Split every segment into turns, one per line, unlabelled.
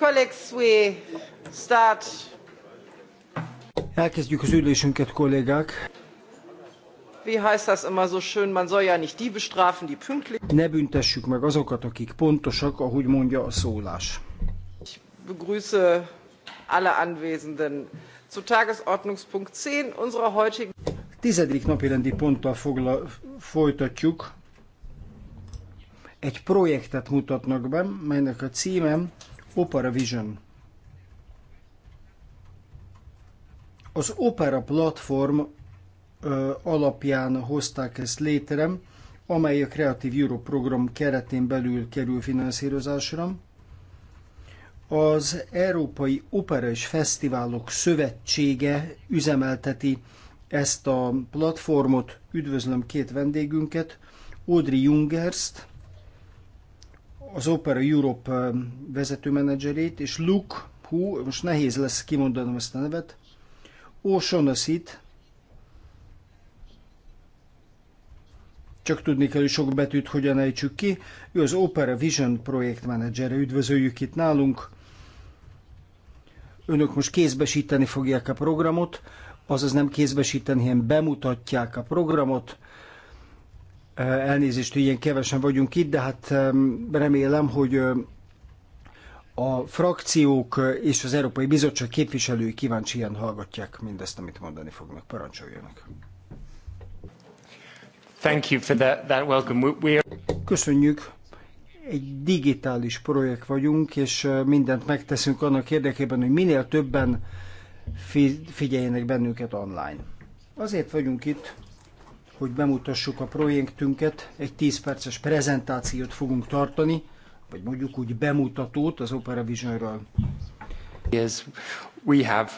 Colleagues, we start. Elkezdjük az ülésünket, kollégák. Wie heißt das immer so schön, man soll ja nicht die bestrafen, die pünktlich. Ne büntessük meg azokat, akik pontosak, ahogy mondja a szólás. Ich begrüße alle Anwesenden zu Tagesordnungspunkt 10 unserer heutigen. Tizedik napirendi ponttal fogla, folytatjuk, egy projektet mutatnak be, melynek a címem Opera Vision. Az Opera platform ö, alapján hozták ezt létre, amely a Creative Europe program keretén belül kerül finanszírozásra. Az Európai Opera és Fesztiválok Szövetsége üzemelteti ezt a platformot. Üdvözlöm két vendégünket, Audrey Jungerst, az Opera Europe um, vezetőmenedzserét, és Luke, hú, most nehéz lesz kimondanom ezt a nevet, oshonasy csak tudni kell, hogy sok betűt hogyan ejtsük ki. Ő az Opera Vision projektmenedzsere, üdvözöljük itt nálunk. Önök most kézbesíteni fogják a programot, azaz nem kézbesíteni, hanem bemutatják a programot Elnézést, hogy ilyen kevesen vagyunk itt, de hát remélem, hogy a frakciók és az Európai Bizottság képviselői kíváncsian hallgatják mindezt, amit mondani fognak. Parancsoljanak! Thank you for that, that welcome. We are... Köszönjük! Egy digitális projekt vagyunk, és mindent megteszünk annak érdekében, hogy minél többen figyeljenek bennünket online. Azért vagyunk itt, hogy bemutassuk a projektünket. Egy 10 perces prezentációt fogunk tartani, vagy mondjuk úgy bemutatót az Opera Visionről. Yes, we have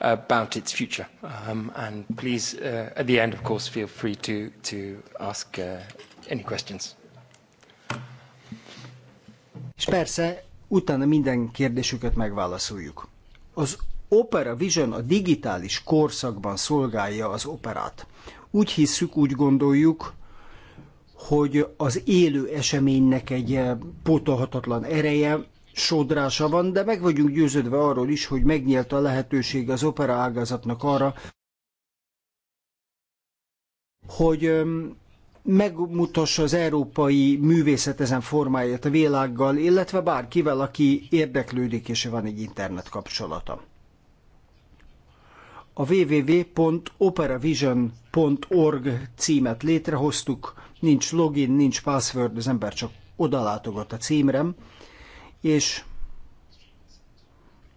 uh, about its future. Um, and please, uh, at the end, of course, feel free to, to ask uh, any questions. És persze, utána minden kérdésüket megválaszoljuk. Az Opera Vision a digitális korszakban szolgálja az operát. Úgy hisszük, úgy gondoljuk, hogy az élő eseménynek egy eh, pótolhatatlan ereje, sodrása van, de meg vagyunk győződve arról is, hogy megnyílt a lehetőség az opera ágazatnak arra, hogy megmutassa az európai művészet ezen formáját a világgal, illetve bárkivel, aki érdeklődik és van egy internet kapcsolata a www.operavision.org címet létrehoztuk, nincs login, nincs password, az ember csak odalátogat a címre, és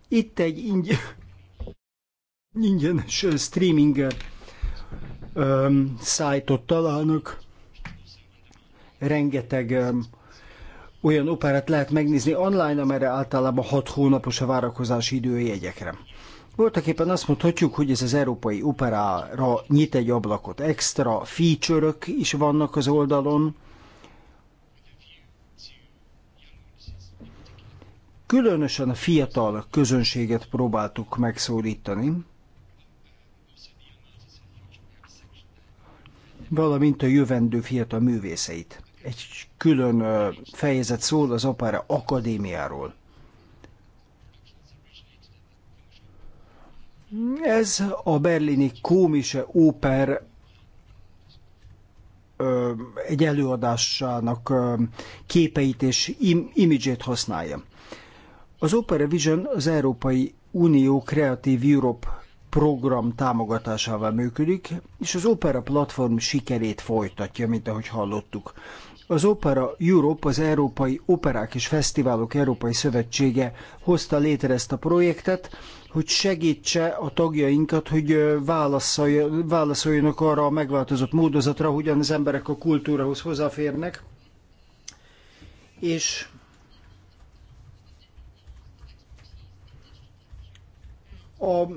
itt egy ingy- ingyenes streaming um, szájtot találnak, rengeteg um, olyan operát lehet megnézni online, amire általában 6 hónapos a várakozási idő jegyekre. Voltak éppen azt mondhatjuk, hogy ez az európai operára nyit egy ablakot. Extra feature is vannak az oldalon. Különösen a fiatal közönséget próbáltuk megszólítani, valamint a jövendő fiatal művészeit. Egy külön fejezet szól az opera akadémiáról. Ez a berlini Kómise Óper egy előadásának képeit és im- imidzsét használja. Az Opera Vision az Európai Unió Creative Europe program támogatásával működik, és az Opera platform sikerét folytatja, mint ahogy hallottuk. Az Opera Europe, az Európai Operák és Fesztiválok Európai Szövetsége hozta létre ezt a projektet, hogy segítse a tagjainkat, hogy válaszoljanak arra a megváltozott módozatra, hogyan az emberek a kultúrahoz hozzáférnek. És a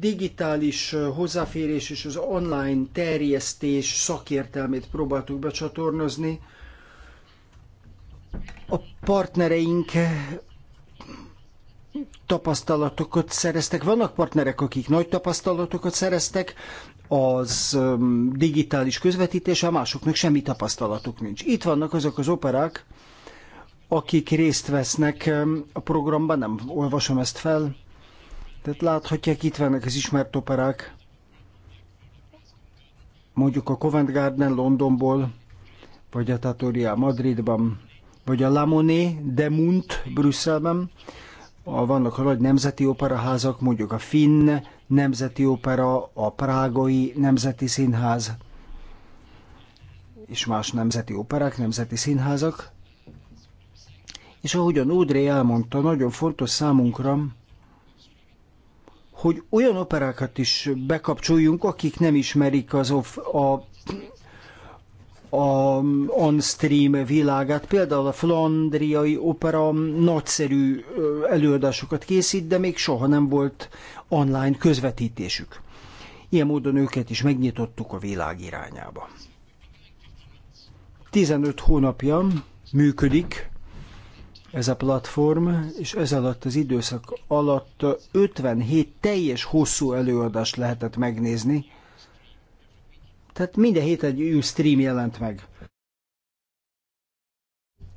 digitális hozzáférés és az online terjesztés szakértelmét próbáltuk becsatornozni, a partnereink eh, tapasztalatokat szereztek. Vannak partnerek, akik nagy tapasztalatokat szereztek, az digitális közvetítés, a másoknak semmi tapasztalatuk nincs. Itt vannak azok az operák, akik részt vesznek a programban, nem olvasom ezt fel, tehát láthatják, itt vannak az ismert operák, mondjuk a Covent Garden Londonból, vagy a Tatoria Madridban, vagy a Lamoné de Munt Brüsszelben, a, vannak a nagy nemzeti operaházak, mondjuk a Finn Nemzeti Opera, a Prágai Nemzeti Színház, és más nemzeti operák, nemzeti színházak. És ahogyan Audrey elmondta, nagyon fontos számunkra, hogy olyan operákat is bekapcsoljunk, akik nem ismerik az of a a on-stream világát. Például a Flandriai Opera nagyszerű előadásokat készít, de még soha nem volt online közvetítésük. Ilyen módon őket is megnyitottuk a világ irányába. 15 hónapja működik ez a platform, és ez alatt az időszak alatt 57 teljes hosszú előadást lehetett megnézni, tehát minden héten egy új stream jelent meg.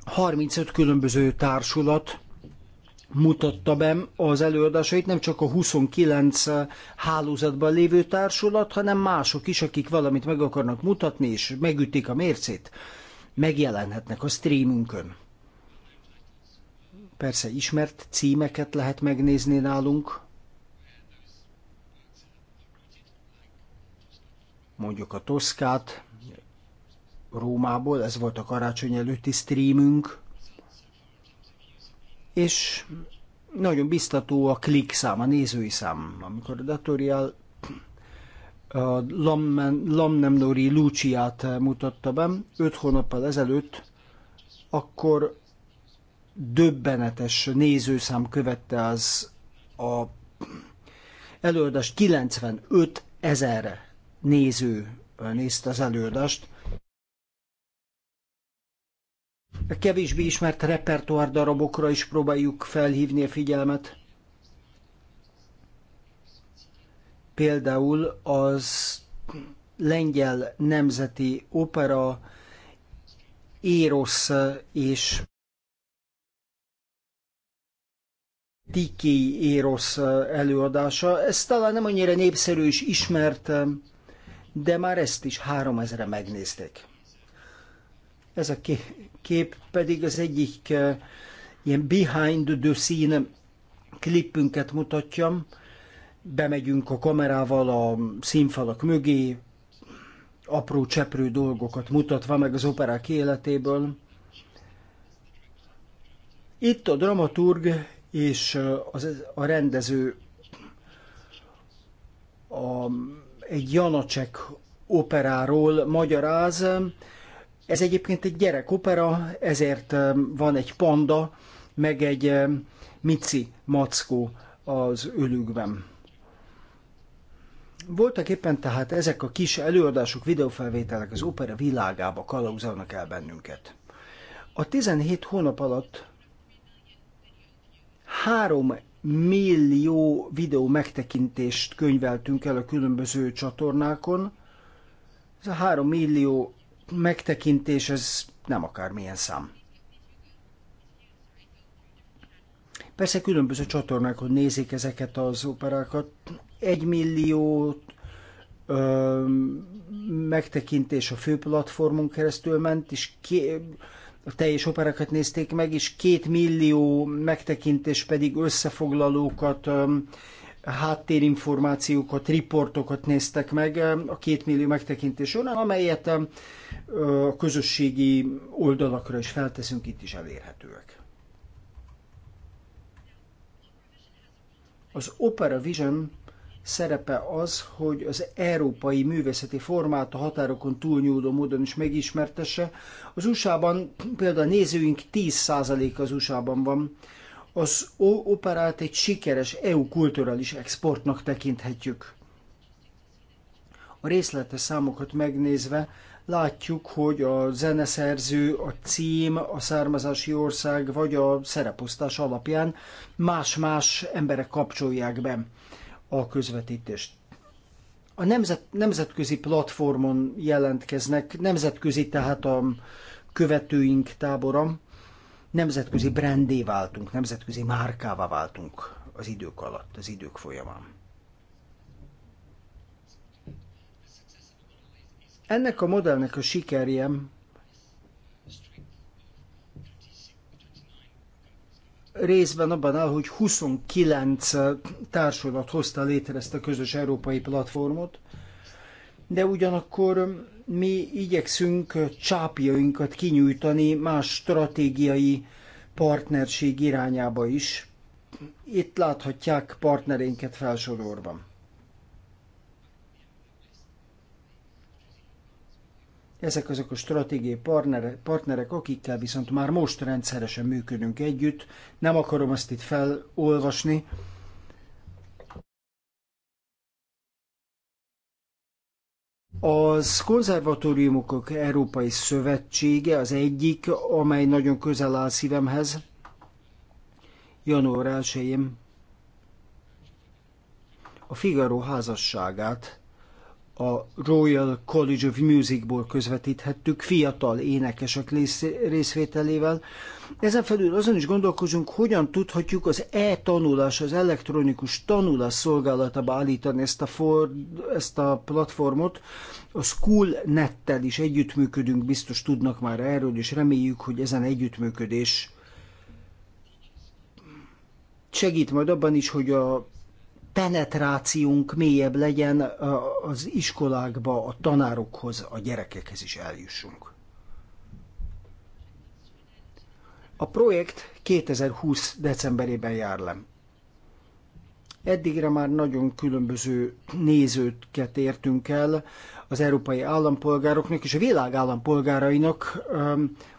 35 különböző társulat mutatta be az előadásait, nem csak a 29 hálózatban lévő társulat, hanem mások is, akik valamit meg akarnak mutatni, és megütik a mércét, megjelenhetnek a streamünkön. Persze ismert címeket lehet megnézni nálunk, mondjuk a Toszkát Rómából, ez volt a karácsony előtti streamünk, és nagyon biztató a klik szám, a nézői szám, amikor a Datorial a Lamnemnori Luciát mutatta be, öt hónappal ezelőtt, akkor döbbenetes nézőszám követte az a előadást 95 ezer néző nézte az előadást. A kevésbé ismert repertoár darabokra is próbáljuk felhívni a figyelmet. Például az lengyel nemzeti opera Érosz és Tiki Érosz előadása. Ez talán nem annyira népszerű és ismert de már ezt is 3000-re megnézték. Ez a kép pedig az egyik eh, ilyen behind the scene klipünket mutatja. Bemegyünk a kamerával a színfalak mögé, apró cseprő dolgokat mutatva meg az operák életéből. Itt a dramaturg és eh, az, a rendező a egy Janacek operáról magyaráz. Ez egyébként egy opera, ezért van egy panda, meg egy mici mackó az ölükben. Voltak éppen tehát ezek a kis előadások, videófelvételek az opera világába kalauzolnak el bennünket. A 17 hónap alatt három millió videó megtekintést könyveltünk el a különböző csatornákon. Ez a három millió megtekintés, ez nem akármilyen szám. Persze különböző csatornákon nézik ezeket az operákat. Egy millió ö, megtekintés a fő platformon keresztül ment, és ké, a teljes operákat nézték meg, és két millió megtekintés pedig összefoglalókat, háttérinformációkat, riportokat néztek meg a két millió megtekintés során, amelyet a közösségi oldalakra is felteszünk, itt is elérhetőek. Az Opera Vision szerepe az, hogy az európai művészeti formát a határokon túlnyúló módon is megismertesse. Az USA-ban például a nézőink 10%-a az USA-ban van. Az operát egy sikeres EU kulturális exportnak tekinthetjük. A részletes számokat megnézve látjuk, hogy a zeneszerző, a cím, a származási ország vagy a szereposztás alapján más-más emberek kapcsolják be a közvetítést. A nemzet, nemzetközi platformon jelentkeznek, nemzetközi tehát a követőink tábora, nemzetközi brandé váltunk, nemzetközi márkává váltunk az idők alatt, az idők folyamán. Ennek a modellnek a sikerje részben abban áll, hogy 29 társulat hozta létre ezt a közös európai platformot, de ugyanakkor mi igyekszünk csápjainkat kinyújtani más stratégiai partnerség irányába is. Itt láthatják partnereinket felsorolva. Ezek azok a stratégiai partnerek, partnerek, akikkel viszont már most rendszeresen működünk együtt. Nem akarom azt itt felolvasni, Az konzervatóriumok Európai Szövetsége az egyik, amely nagyon közel áll szívemhez. Január 1 a Figaro házasságát a Royal College of Musicból közvetíthettük fiatal énekesek részvételével. Ezen felül azon is gondolkozunk, hogyan tudhatjuk az e-tanulás, az elektronikus tanulás szolgálatába állítani ezt a, for, ezt a platformot. A SchoolNet-tel is együttműködünk, biztos tudnak már erről, és reméljük, hogy ezen együttműködés segít majd abban is, hogy a penetrációnk mélyebb legyen az iskolákba, a tanárokhoz, a gyerekekhez is eljussunk. A projekt 2020. decemberében jár le. Eddigre már nagyon különböző nézőket értünk el az európai állampolgároknak és a világ állampolgárainak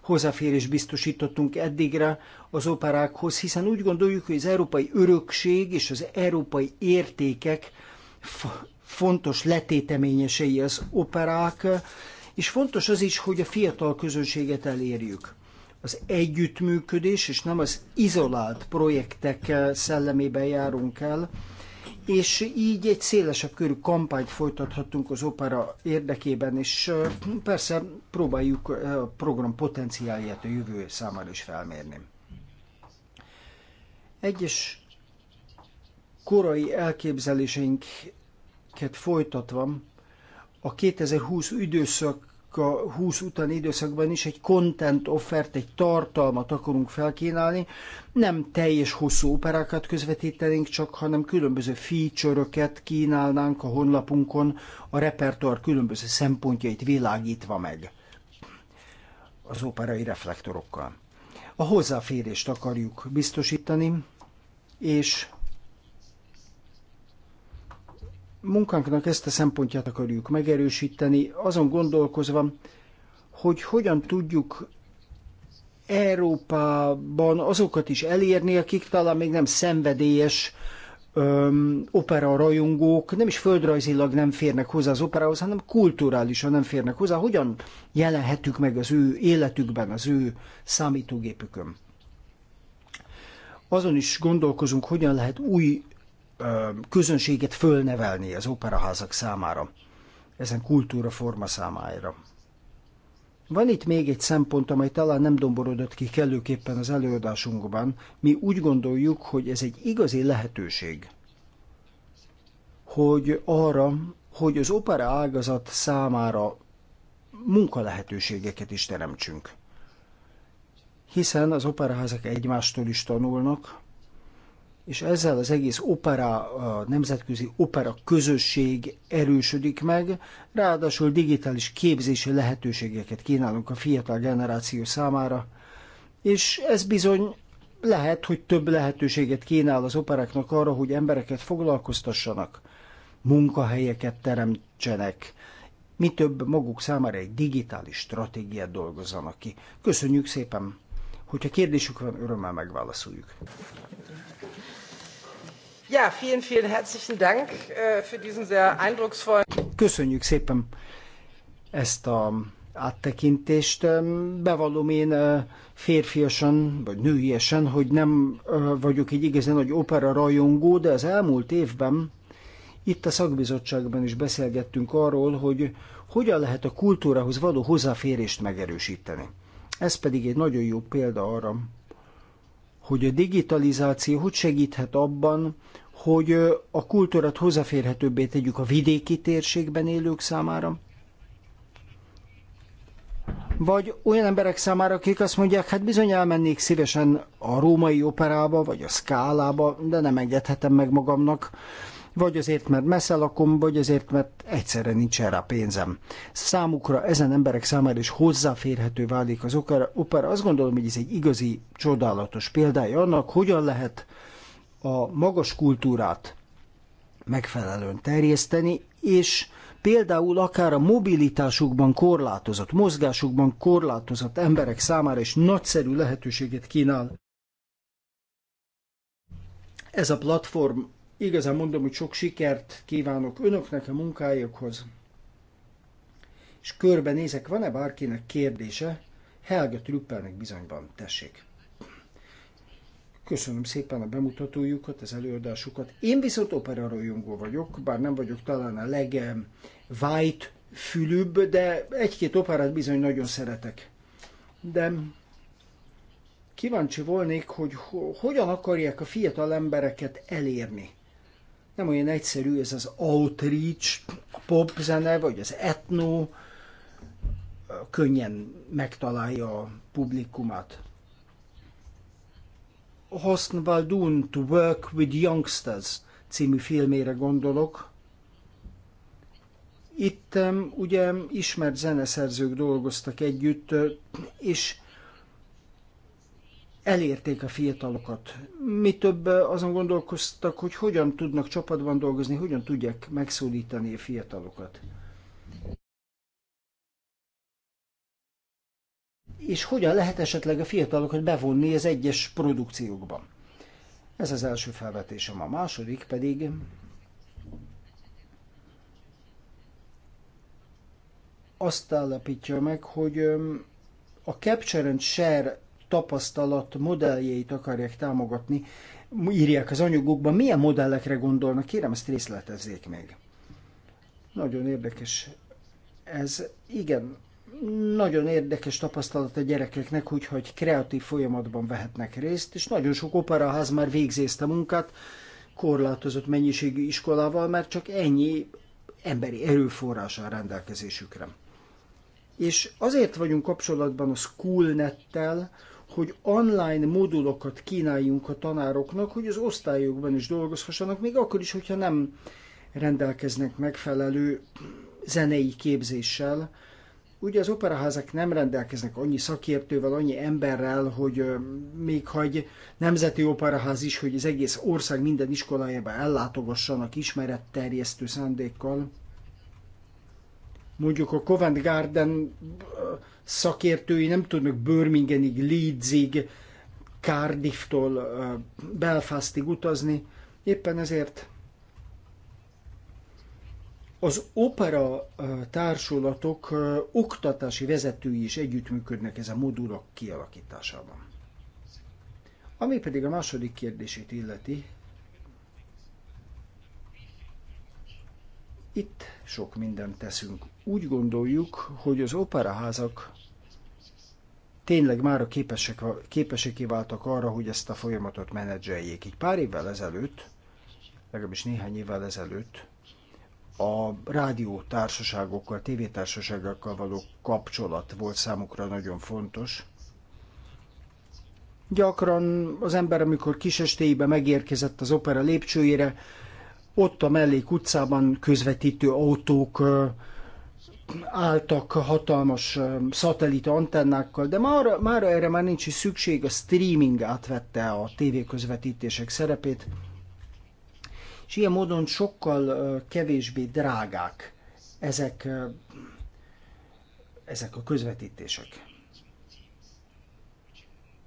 hozzáférés biztosítottunk eddigre az operákhoz, hiszen úgy gondoljuk, hogy az európai örökség és az európai értékek fontos letéteményesei az operák, és fontos az is, hogy a fiatal közönséget elérjük. Az együttműködés, és nem az izolált projektek eh, szellemében járunk el, és így egy szélesebb körű kampányt folytathatunk az opera érdekében, és persze próbáljuk a program potenciálját a jövő számára is felmérni. Egyes korai elképzeléseinket folytatva a 2020 időszak a 20 utáni időszakban is egy content offert, egy tartalmat akarunk felkínálni. Nem teljes hosszú operákat közvetítenénk csak, hanem különböző feature-öket kínálnánk a honlapunkon, a repertoár különböző szempontjait világítva meg az operai reflektorokkal. A hozzáférést akarjuk biztosítani, és munkánknak ezt a szempontját akarjuk megerősíteni, azon gondolkozva, hogy hogyan tudjuk Európában azokat is elérni, akik talán még nem szenvedélyes öm, opera rajongók, nem is földrajzilag nem férnek hozzá az operához, hanem kulturálisan nem férnek hozzá. Hogyan jelenhetük meg az ő életükben, az ő számítógépükön? Azon is gondolkozunk, hogyan lehet új közönséget fölnevelni az operaházak számára, ezen kultúra forma számára. Van itt még egy szempont, amely talán nem domborodott ki kellőképpen az előadásunkban. Mi úgy gondoljuk, hogy ez egy igazi lehetőség, hogy arra, hogy az opera ágazat számára munkalehetőségeket is teremtsünk. Hiszen az operaházak egymástól is tanulnak, és ezzel az egész opera, a nemzetközi opera közösség erősödik meg, ráadásul digitális képzési lehetőségeket kínálunk a fiatal generáció számára, és ez bizony lehet, hogy több lehetőséget kínál az operáknak arra, hogy embereket foglalkoztassanak, munkahelyeket teremtsenek, mi több maguk számára egy digitális stratégiát dolgozzanak ki. Köszönjük szépen! Hogyha kérdésük van, örömmel megválaszoljuk. Ja, vielen, vielen herzlichen Dank äh, für diesen sehr eindrucksvollen. Köszönjük szépen ezt a áttekintést. Bevallom én férfiasan, vagy nőiesen, hogy nem vagyok egy igazán nagy opera rajongó, de az elmúlt évben itt a szakbizottságban is beszélgettünk arról, hogy hogyan lehet a kultúrához való hozzáférést megerősíteni. Ez pedig egy nagyon jó példa arra, hogy a digitalizáció hogy segíthet abban, hogy a kultúrát hozzáférhetőbbé tegyük a vidéki térségben élők számára, vagy olyan emberek számára, akik azt mondják, hát bizony elmennék szívesen a római operába, vagy a szkálába, de nem engedhetem meg magamnak, vagy azért, mert messze lakom, vagy azért, mert egyszerre nincs erre pénzem. Számukra, ezen emberek számára is hozzáférhető válik az opera. opera. Azt gondolom, hogy ez egy igazi, csodálatos példája annak, hogyan lehet a magas kultúrát megfelelően terjeszteni, és például akár a mobilitásukban korlátozott, mozgásukban korlátozott emberek számára is nagyszerű lehetőséget kínál. Ez a platform, igazán mondom, hogy sok sikert kívánok önöknek a munkájukhoz. És körbenézek, van-e bárkinek kérdése? Helga Trüppelnek bizonyban, tessék. Köszönöm szépen a bemutatójukat, az előadásukat. Én viszont rajongó vagyok, bár nem vagyok talán a legem legvájt fülübb, de egy-két operát bizony nagyon szeretek. De kíváncsi volnék, hogy hogyan akarják a fiatal embereket elérni. Nem olyan egyszerű ez az outreach, a popzene, vagy az etno, könnyen megtalálja a publikumát. Hosn Baldun to Work with Youngsters című filmére gondolok. Itt ugye ismert zeneszerzők dolgoztak együtt, és elérték a fiatalokat. Mi több azon gondolkoztak, hogy hogyan tudnak csapatban dolgozni, hogyan tudják megszólítani a fiatalokat. és hogyan lehet esetleg a fiatalokat bevonni az egyes produkciókban. Ez az első felvetésem. A második pedig azt állapítja meg, hogy a Capture and Share tapasztalat modelljeit akarják támogatni, írják az anyagokban, milyen modellekre gondolnak, kérem ezt részletezzék még. Nagyon érdekes ez. Igen, nagyon érdekes tapasztalat a gyerekeknek, hogy, egy kreatív folyamatban vehetnek részt, és nagyon sok operaház már a munkát, korlátozott mennyiségű iskolával, mert csak ennyi emberi erőforrás a rendelkezésükre. És azért vagyunk kapcsolatban a Schoolnettel, hogy online modulokat kínáljunk a tanároknak, hogy az osztályokban is dolgozhassanak, még akkor is, hogyha nem rendelkeznek megfelelő zenei képzéssel, Ugye az operaházak nem rendelkeznek annyi szakértővel, annyi emberrel, hogy még ha egy nemzeti operaház is, hogy az egész ország minden iskolájába ellátogassanak ismeretterjesztő szándékkal. Mondjuk a Covent Garden szakértői nem tudnak Birminghamig, Leedsig, Cardifftól Belfastig utazni. Éppen ezért az opera társulatok oktatási vezetői is együttműködnek ezen modulok kialakításában. Ami pedig a második kérdését illeti, itt sok mindent teszünk. Úgy gondoljuk, hogy az operaházak tényleg már képesek, képeseké váltak arra, hogy ezt a folyamatot menedzseljék. Így pár évvel ezelőtt, legalábbis néhány évvel ezelőtt a rádió társaságokkal, tévétársaságokkal való kapcsolat volt számukra nagyon fontos. Gyakran az ember, amikor kisestéibe megérkezett az opera lépcsőjére, ott a mellék utcában közvetítő autók álltak hatalmas szatellita antennákkal, de már, már erre már nincs is szükség, a streaming átvette a tévéközvetítések szerepét és ilyen módon sokkal kevésbé drágák ezek, ezek a közvetítések.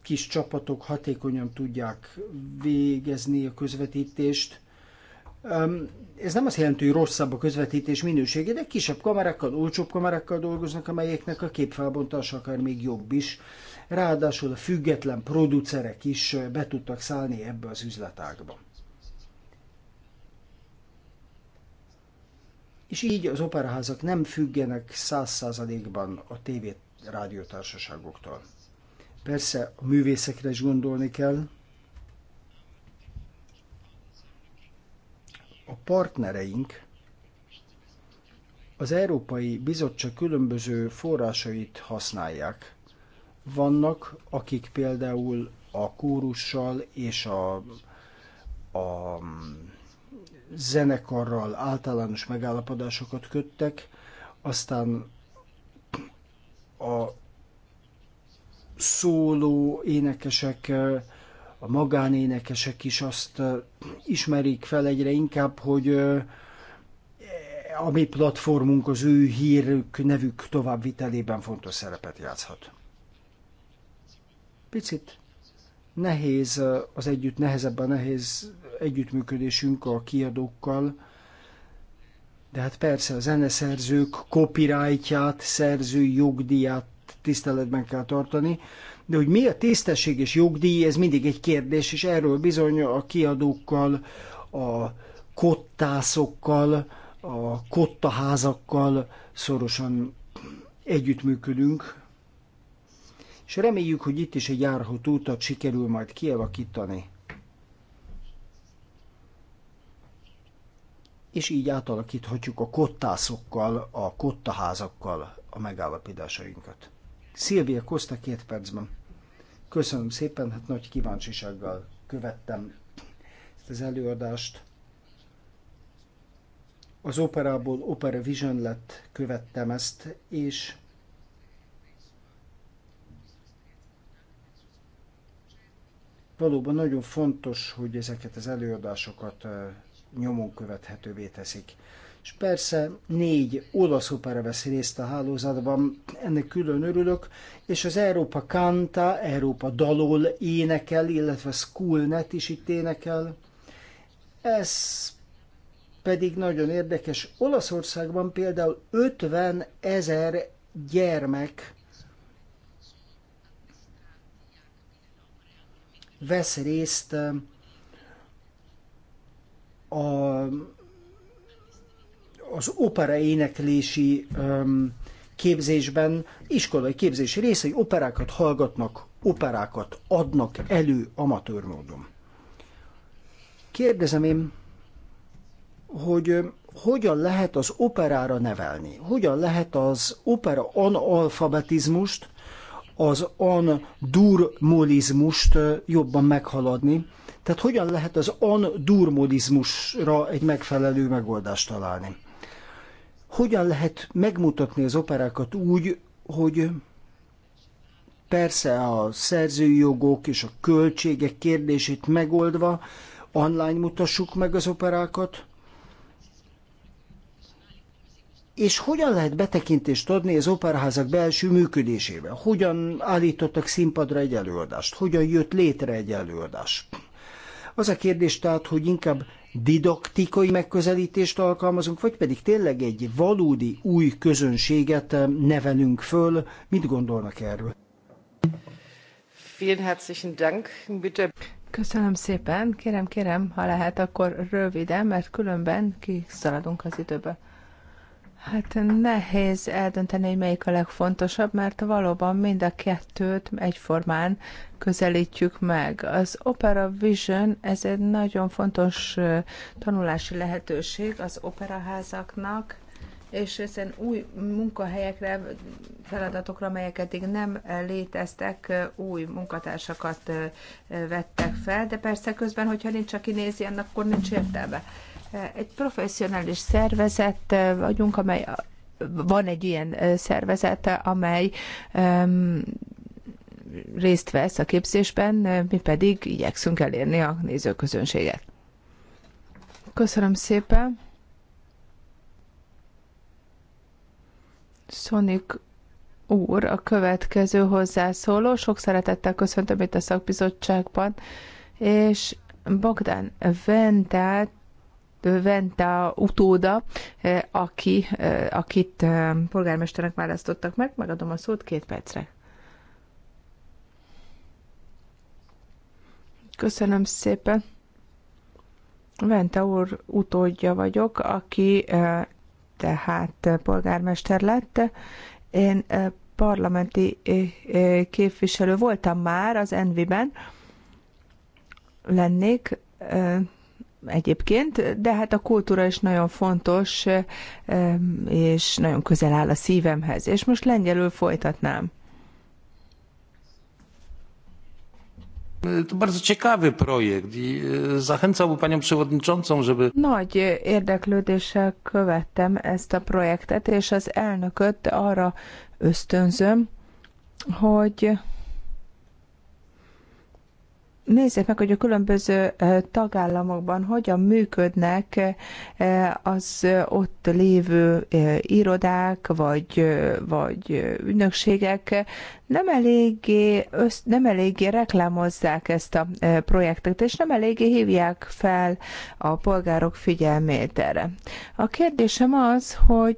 Kis csapatok hatékonyan tudják végezni a közvetítést. Ez nem azt jelenti, hogy rosszabb a közvetítés minősége, de kisebb kamerákkal, olcsóbb kamerákkal dolgoznak, amelyeknek a képfelbontása akár még jobb is. Ráadásul a független producerek is be tudtak szállni ebbe az üzletágba. és így az operaházak nem függenek száz százalékban a tévét rádiótársaságoktól. Persze a művészekre is gondolni kell. A partnereink az Európai Bizottság különböző forrásait használják. Vannak, akik például a kórussal és a, a zenekarral általános megállapodásokat köttek, aztán a szóló énekesek, a magánénekesek is azt ismerik fel egyre inkább, hogy a mi platformunk az ő hírük, nevük továbbvitelében fontos szerepet játszhat. Picit nehéz, az együtt nehezebben nehéz együttműködésünk a kiadókkal, de hát persze a zeneszerzők copyrightját, szerzői jogdíját tiszteletben kell tartani, de hogy mi a tisztesség és jogdíj, ez mindig egy kérdés, és erről bizony a kiadókkal, a kottászokkal, a kottaházakkal szorosan együttműködünk, és reméljük, hogy itt is egy járható utat sikerül majd kialakítani. és így átalakíthatjuk a kottászokkal, a kottaházakkal a megállapításainkat. Szilvia Koszta két percben. Köszönöm szépen, hát nagy kíváncsisággal követtem ezt az előadást. Az operából Opera Vision lett, követtem ezt, és valóban nagyon fontos, hogy ezeket az előadásokat eh, nyomon követhetővé teszik. És persze négy olasz opera vesz részt a hálózatban, ennek külön örülök, és az Európa Kanta, Európa Dalol énekel, illetve Skulnet is itt énekel. Ez pedig nagyon érdekes. Olaszországban például 50 ezer gyermek vesz részt a, az opera éneklési um, képzésben, iskolai képzési részei operákat hallgatnak, operákat adnak elő amatőr módon. Kérdezem én, hogy hogyan lehet az operára nevelni? Hogyan lehet az opera analfabetizmust, az andurmolizmust jobban meghaladni? Tehát hogyan lehet az andurmodizmusra egy megfelelő megoldást találni? Hogyan lehet megmutatni az operákat úgy, hogy persze a szerzői jogok és a költségek kérdését megoldva online mutassuk meg az operákat, és hogyan lehet betekintést adni az operaházak belső működésébe? Hogyan állítottak színpadra egy előadást? Hogyan jött létre egy előadás? Az a kérdés tehát, hogy inkább didaktikai megközelítést alkalmazunk, vagy pedig tényleg egy valódi új közönséget eh, nevelünk föl. Mit gondolnak erről? Vielen herzlichen Dank. Bitte.
Köszönöm szépen. Kérem, kérem, ha lehet, akkor röviden, mert különben kiszaladunk az időbe. Hát nehéz eldönteni, hogy melyik a legfontosabb, mert valóban mind a kettőt egyformán közelítjük meg. Az Opera Vision, ez egy nagyon fontos tanulási lehetőség az operaházaknak, és ezen új munkahelyekre, feladatokra, amelyek eddig nem léteztek, új munkatársakat vettek fel, de persze közben, hogyha nincs, aki nézi, annak akkor nincs értelme. Egy professzionális szervezet eh, vagyunk, amely van egy ilyen eh, szervezete, amely um, részt vesz a képzésben, eh, mi pedig igyekszünk elérni a nézőközönséget. Köszönöm szépen! Sonic úr, a következő hozzászóló. Sok szeretettel köszöntöm itt a szakbizottságban, és Bogdan Ventát Böventa utóda, eh, aki, eh, akit eh, polgármesternek választottak meg. Megadom a szót két percre. Köszönöm szépen. Vente úr utódja vagyok, aki tehát polgármester lett. Én parlamenti képviselő voltam már az Envi-ben, lennék, egyébként, de hát a kultúra is nagyon fontos, és nagyon közel áll a szívemhez. És most lengyelül folytatnám.
E,
Nagy érdeklődéssel követtem ezt a projektet, és az elnököt arra ösztönzöm, hogy nézzék meg, hogy a különböző tagállamokban hogyan működnek az ott lévő irodák vagy, vagy ügynökségek. Nem eléggé, össz, nem eléggé reklámozzák ezt a projektet, és nem eléggé hívják fel a polgárok figyelmét erre. A kérdésem az, hogy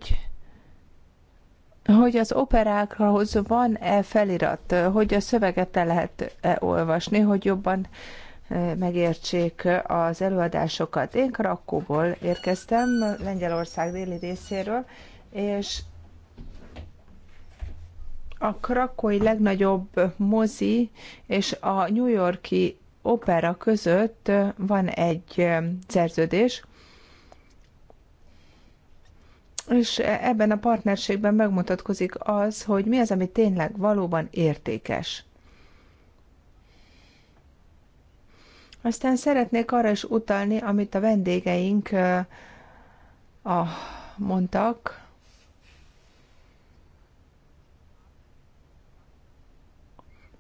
hogy az operákhoz van-e felirat, hogy a szöveget el lehet -e olvasni, hogy jobban e, megértsék az előadásokat. Én Krakóból érkeztem, Lengyelország déli részéről, és a krakói legnagyobb mozi és a New Yorki opera között van egy e, szerződés, és e- ebben a partnerségben megmutatkozik az, hogy mi az, ami tényleg valóban értékes. Aztán szeretnék arra is utalni, amit a vendégeink a, mondtak,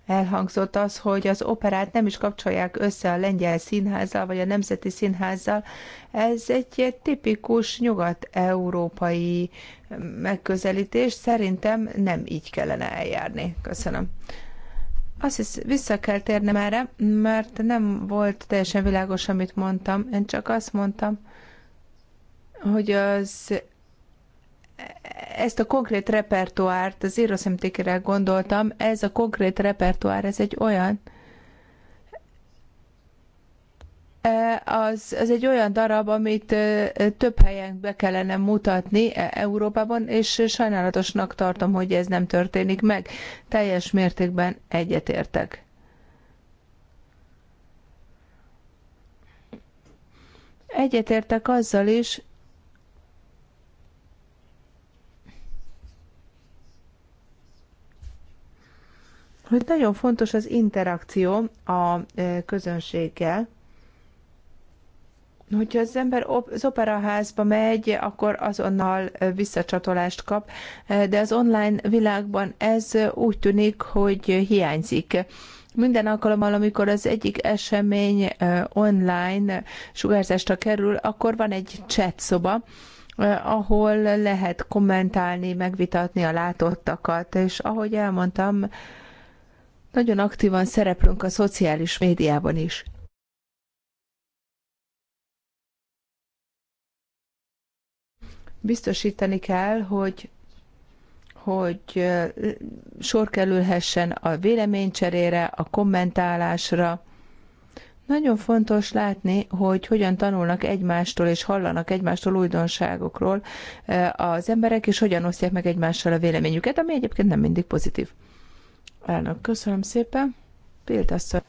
elhangzott az, hogy az operát nem is kapcsolják össze a lengyel színházzal, vagy a nemzeti színházzal. Ez egy tipikus nyugat-európai megközelítés. Szerintem nem így kellene eljárni. Köszönöm. Azt hisz, vissza kell térnem erre, mert nem volt teljesen világos, amit mondtam. Én csak azt mondtam, hogy az ezt a konkrét repertoárt, az íroszemtékére gondoltam, ez a konkrét repertoár, ez egy olyan, e, az, az egy olyan darab, amit e, több helyen be kellene mutatni e, Európában, és sajnálatosnak tartom, hogy ez nem történik meg. Teljes mértékben egyetértek. Egyetértek azzal is, hogy nagyon fontos az interakció a e, közönséggel, hogyha az ember az operaházba megy, akkor azonnal e, visszacsatolást kap, e, de az online világban ez úgy tűnik, hogy hiányzik. Minden alkalommal, amikor az egyik esemény online sugárzásra kerül, akkor van egy chat szoba, ahol lehet kommentálni, megvitatni a látottakat, és ahogy elmondtam, nagyon aktívan szereplünk a szociális médiában is. Biztosítani kell, hogy hogy sor kerülhessen a véleménycserére, a kommentálásra. Nagyon fontos látni, hogy hogyan tanulnak egymástól és hallanak egymástól újdonságokról az emberek, és hogyan osztják meg egymással a véleményüket, ami egyébként nem mindig pozitív. Elnök, köszönöm szépen. Piltasszony.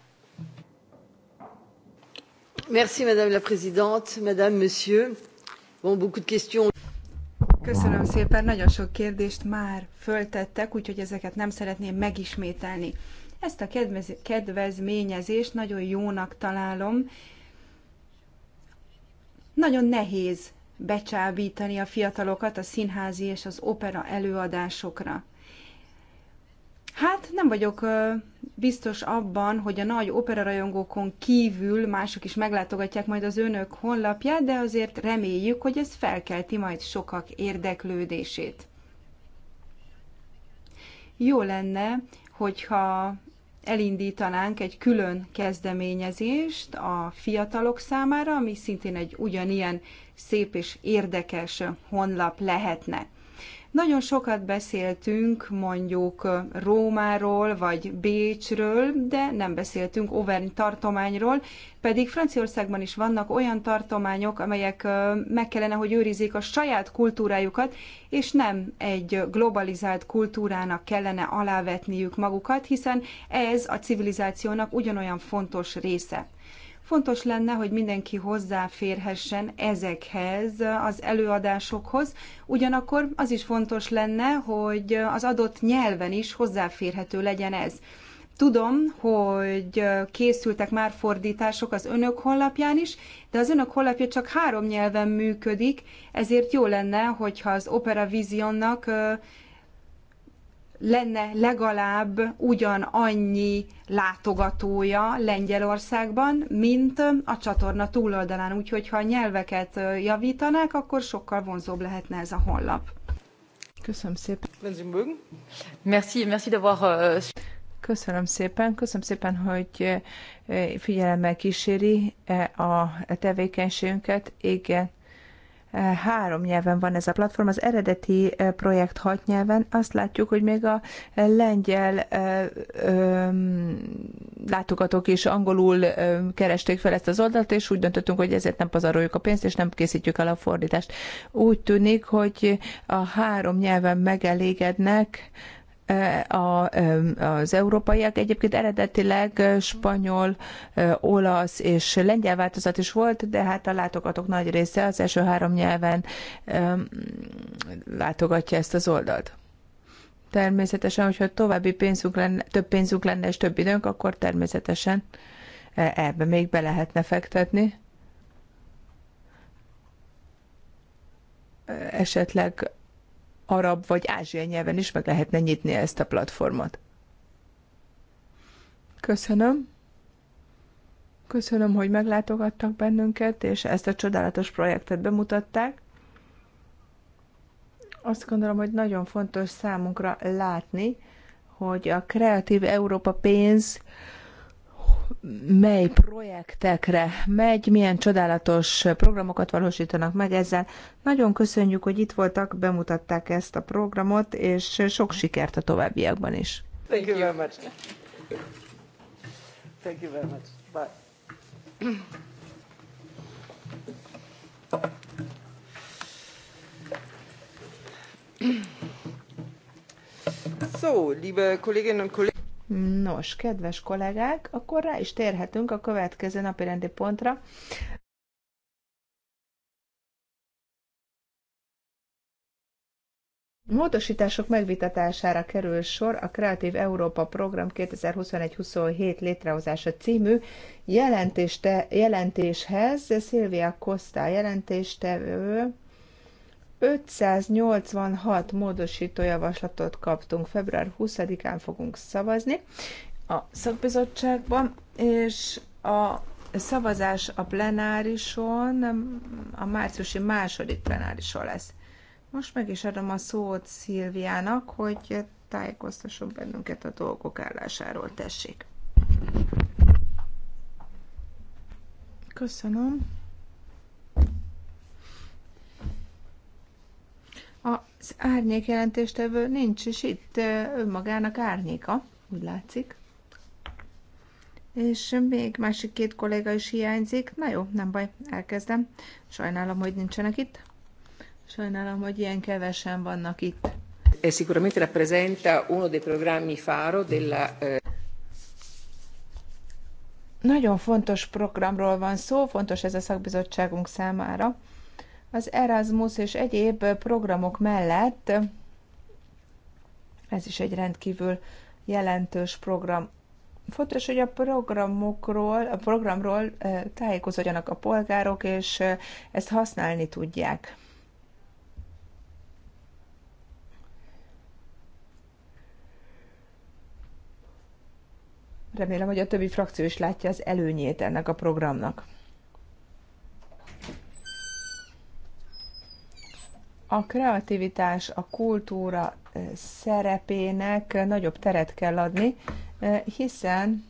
Merci, Madame la Présidente, Madame, Monsieur. Bon,
beaucoup de questions.
Köszönöm szépen,
nagyon sok kérdést már föltettek, úgyhogy ezeket nem szeretném megismételni. Ezt a kedvezményezést nagyon jónak találom. Nagyon nehéz becsábítani a fiatalokat a színházi és az opera előadásokra. Hát nem vagyok biztos abban, hogy a nagy operarajongókon kívül mások is meglátogatják majd az önök honlapját, de azért reméljük, hogy ez felkelti majd sokak érdeklődését. Jó lenne, hogyha elindítanánk egy külön kezdeményezést a fiatalok számára, ami szintén egy ugyanilyen szép és érdekes honlap lehetne. Nagyon sokat beszéltünk mondjuk Rómáról vagy Bécsről, de nem beszéltünk Auvergne tartományról, pedig Franciaországban is vannak olyan tartományok, amelyek meg kellene, hogy őrizzék a saját kultúrájukat, és nem egy globalizált kultúrának kellene alávetniük magukat, hiszen ez a civilizációnak ugyanolyan fontos része. Fontos lenne, hogy mindenki hozzáférhessen ezekhez az előadásokhoz, ugyanakkor az is fontos lenne, hogy az adott nyelven is hozzáférhető legyen ez. Tudom, hogy készültek már fordítások az önök honlapján is, de az önök honlapja csak három nyelven működik, ezért jó lenne, hogyha az Opera Visionnak lenne legalább ugyanannyi látogatója Lengyelországban, mint a csatorna túloldalán. Úgyhogy ha a nyelveket javítanák, akkor sokkal vonzóbb lehetne ez a honlap. Köszönöm szépen. Merci,
merci d'avoir...
Köszönöm szépen, köszönöm szépen,
hogy figyelemmel kíséri e, a tevékenységünket. Igen, Eh, három nyelven van ez a platform, az eredeti eh, projekt hat nyelven. Azt látjuk, hogy még a eh, lengyel látogatók is angolul keresték fel ezt az oldalt, és úgy döntöttünk, hogy ezért nem pazaroljuk a pénzt, és nem készítjük el a fordítást. Úgy tűnik, hogy a három nyelven megelégednek, E, a, e, az európaiak egyébként eredetileg spanyol, e, olasz és lengyel változat is volt, de hát a látogatók nagy része az első három nyelven látogatja ezt az oldalt. Természetesen, hogyha további pénzünk lenne, több pénzünk lenne és több időnk, akkor természetesen ebbe még be lehetne fektetni. Esetleg arab vagy ázsiai nyelven is meg lehetne nyitni ezt a platformot. Köszönöm. Köszönöm, hogy meglátogattak bennünket, és ezt a csodálatos projektet bemutatták. Azt gondolom, hogy nagyon fontos számunkra látni, hogy a Kreatív Európa pénz mely projektekre megy, milyen csodálatos programokat valósítanak meg ezzel. Nagyon köszönjük, hogy itt voltak, bemutatták ezt a programot, és sok sikert a továbbiakban is.
Thank you very much.
Thank you very much. Bye.
So, liebe Kolleginnen und Kollegen,
Nos, kedves kollégák, akkor rá is térhetünk a következő napi rendi pontra. Módosítások megvitatására kerül sor a Kreatív Európa Program 2021-27 létrehozása című jelentéste, jelentéshez Szilvia Kosztá jelentéstevő 586 módosító javaslatot kaptunk, február 20-án fogunk szavazni a szakbizottságban, és a szavazás a plenárison, a márciusi második plenárison lesz. Most meg is adom a szót Szilviának, hogy tájékoztasson bennünket a dolgok állásáról. Tessék! Köszönöm. Az árnyék jelentéstevő nincs is itt, önmagának árnyéka, úgy látszik. És még másik két kolléga is hiányzik. Na jó, nem baj, elkezdem. Sajnálom, hogy nincsenek itt. Sajnálom, hogy ilyen kevesen vannak itt. Ez sicuramente rappresenta uno dei programmi faro della... Eh, Nagyon fontos programról van szó, fontos ez a szakbizottságunk számára az Erasmus és egyéb programok mellett ez is egy rendkívül jelentős program. Fontos, hogy a programokról, a programról tájékozódjanak a polgárok, és ezt használni tudják. Remélem, hogy a többi frakció is látja az előnyét ennek a programnak. A kreativitás, a kultúra szerepének nagyobb teret kell adni, hiszen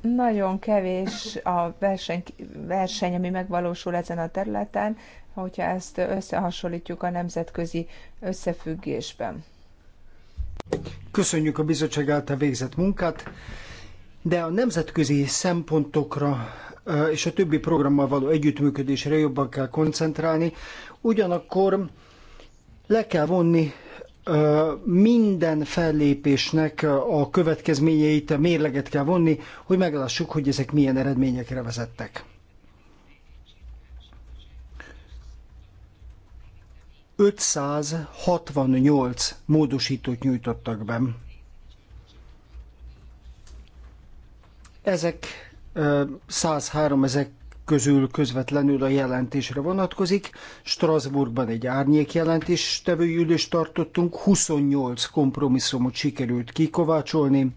nagyon kevés a verseny, verseny, ami megvalósul ezen a területen, hogyha ezt összehasonlítjuk a nemzetközi összefüggésben.
Köszönjük a bizottság által végzett munkát de a nemzetközi szempontokra és a többi programmal való együttműködésre jobban kell koncentrálni, ugyanakkor le kell vonni minden fellépésnek a következményeit, a mérleget kell vonni, hogy meglássuk, hogy ezek milyen eredményekre vezettek. ...568 módosítót nyújtottak be Ezek 103 ezek közül közvetlenül a jelentésre vonatkozik. Strasbourgban egy árnyék jelentés tevőjülést tartottunk, 28 kompromisszumot sikerült kikovácsolni.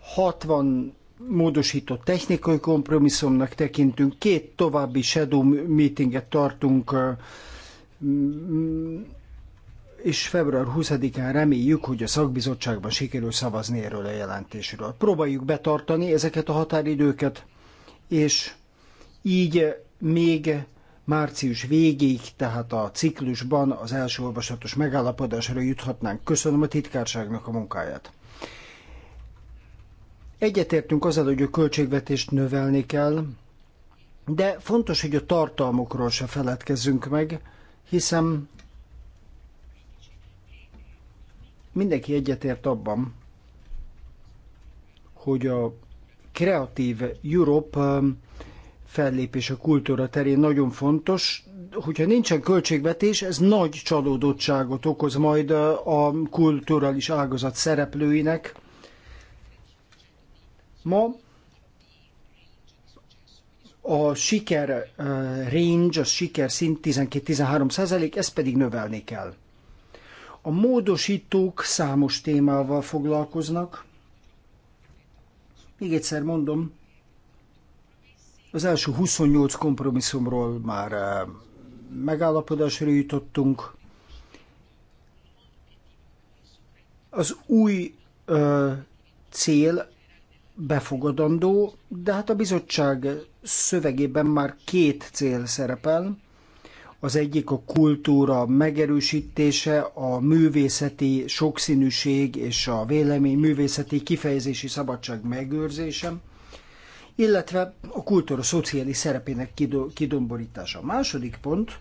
60 módosított technikai kompromisszumnak tekintünk, két további shadow meetinget tartunk és február 20-án reméljük, hogy a szakbizottságban sikerül szavazni erről a jelentésről. Próbáljuk betartani ezeket a határidőket, és így még március végéig, tehát a ciklusban az első olvasatos megállapodásra juthatnánk. Köszönöm a titkárságnak a munkáját. Egyetértünk azzal, hogy a költségvetést növelni kell, de fontos, hogy a tartalmukról se feledkezzünk meg, hiszen Mindenki egyetért abban, hogy a kreatív Europe um, fellépés a kultúra terén nagyon fontos. Hogyha nincsen költségvetés, ez nagy csalódottságot okoz majd uh, a kulturális ágazat szereplőinek. Ma a siker uh, range, a siker szint 12-13 százalék, ezt pedig növelni kell. A módosítók számos témával foglalkoznak. Még egyszer mondom, az első 28 kompromisszumról már eh, megállapodásra jutottunk. Az új ö, eh, cél befogadandó, de hát a bizottság szövegében már két cél szerepel, az egyik a kultúra megerősítése, a művészeti sokszínűség és a vélemény művészeti kifejezési szabadság megőrzése, illetve a kultúra szociális szerepének kidomborítása. A második pont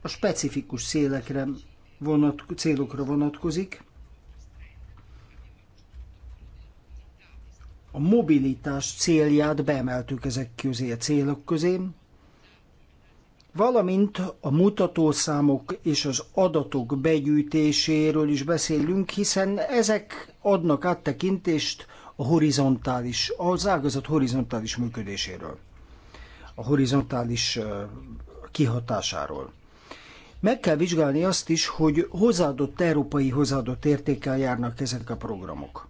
a specifikus célekre vonat, célokra vonatkozik, a mobilitás célját beemeltük ezek közé a célok közé, valamint a mutatószámok és az adatok begyűjtéséről is beszélünk, hiszen ezek adnak áttekintést a horizontális, az ágazat horizontális működéséről, a horizontális kihatásáról. Meg kell vizsgálni azt is, hogy hozzáadott európai hozzáadott értékkel járnak ezek a programok.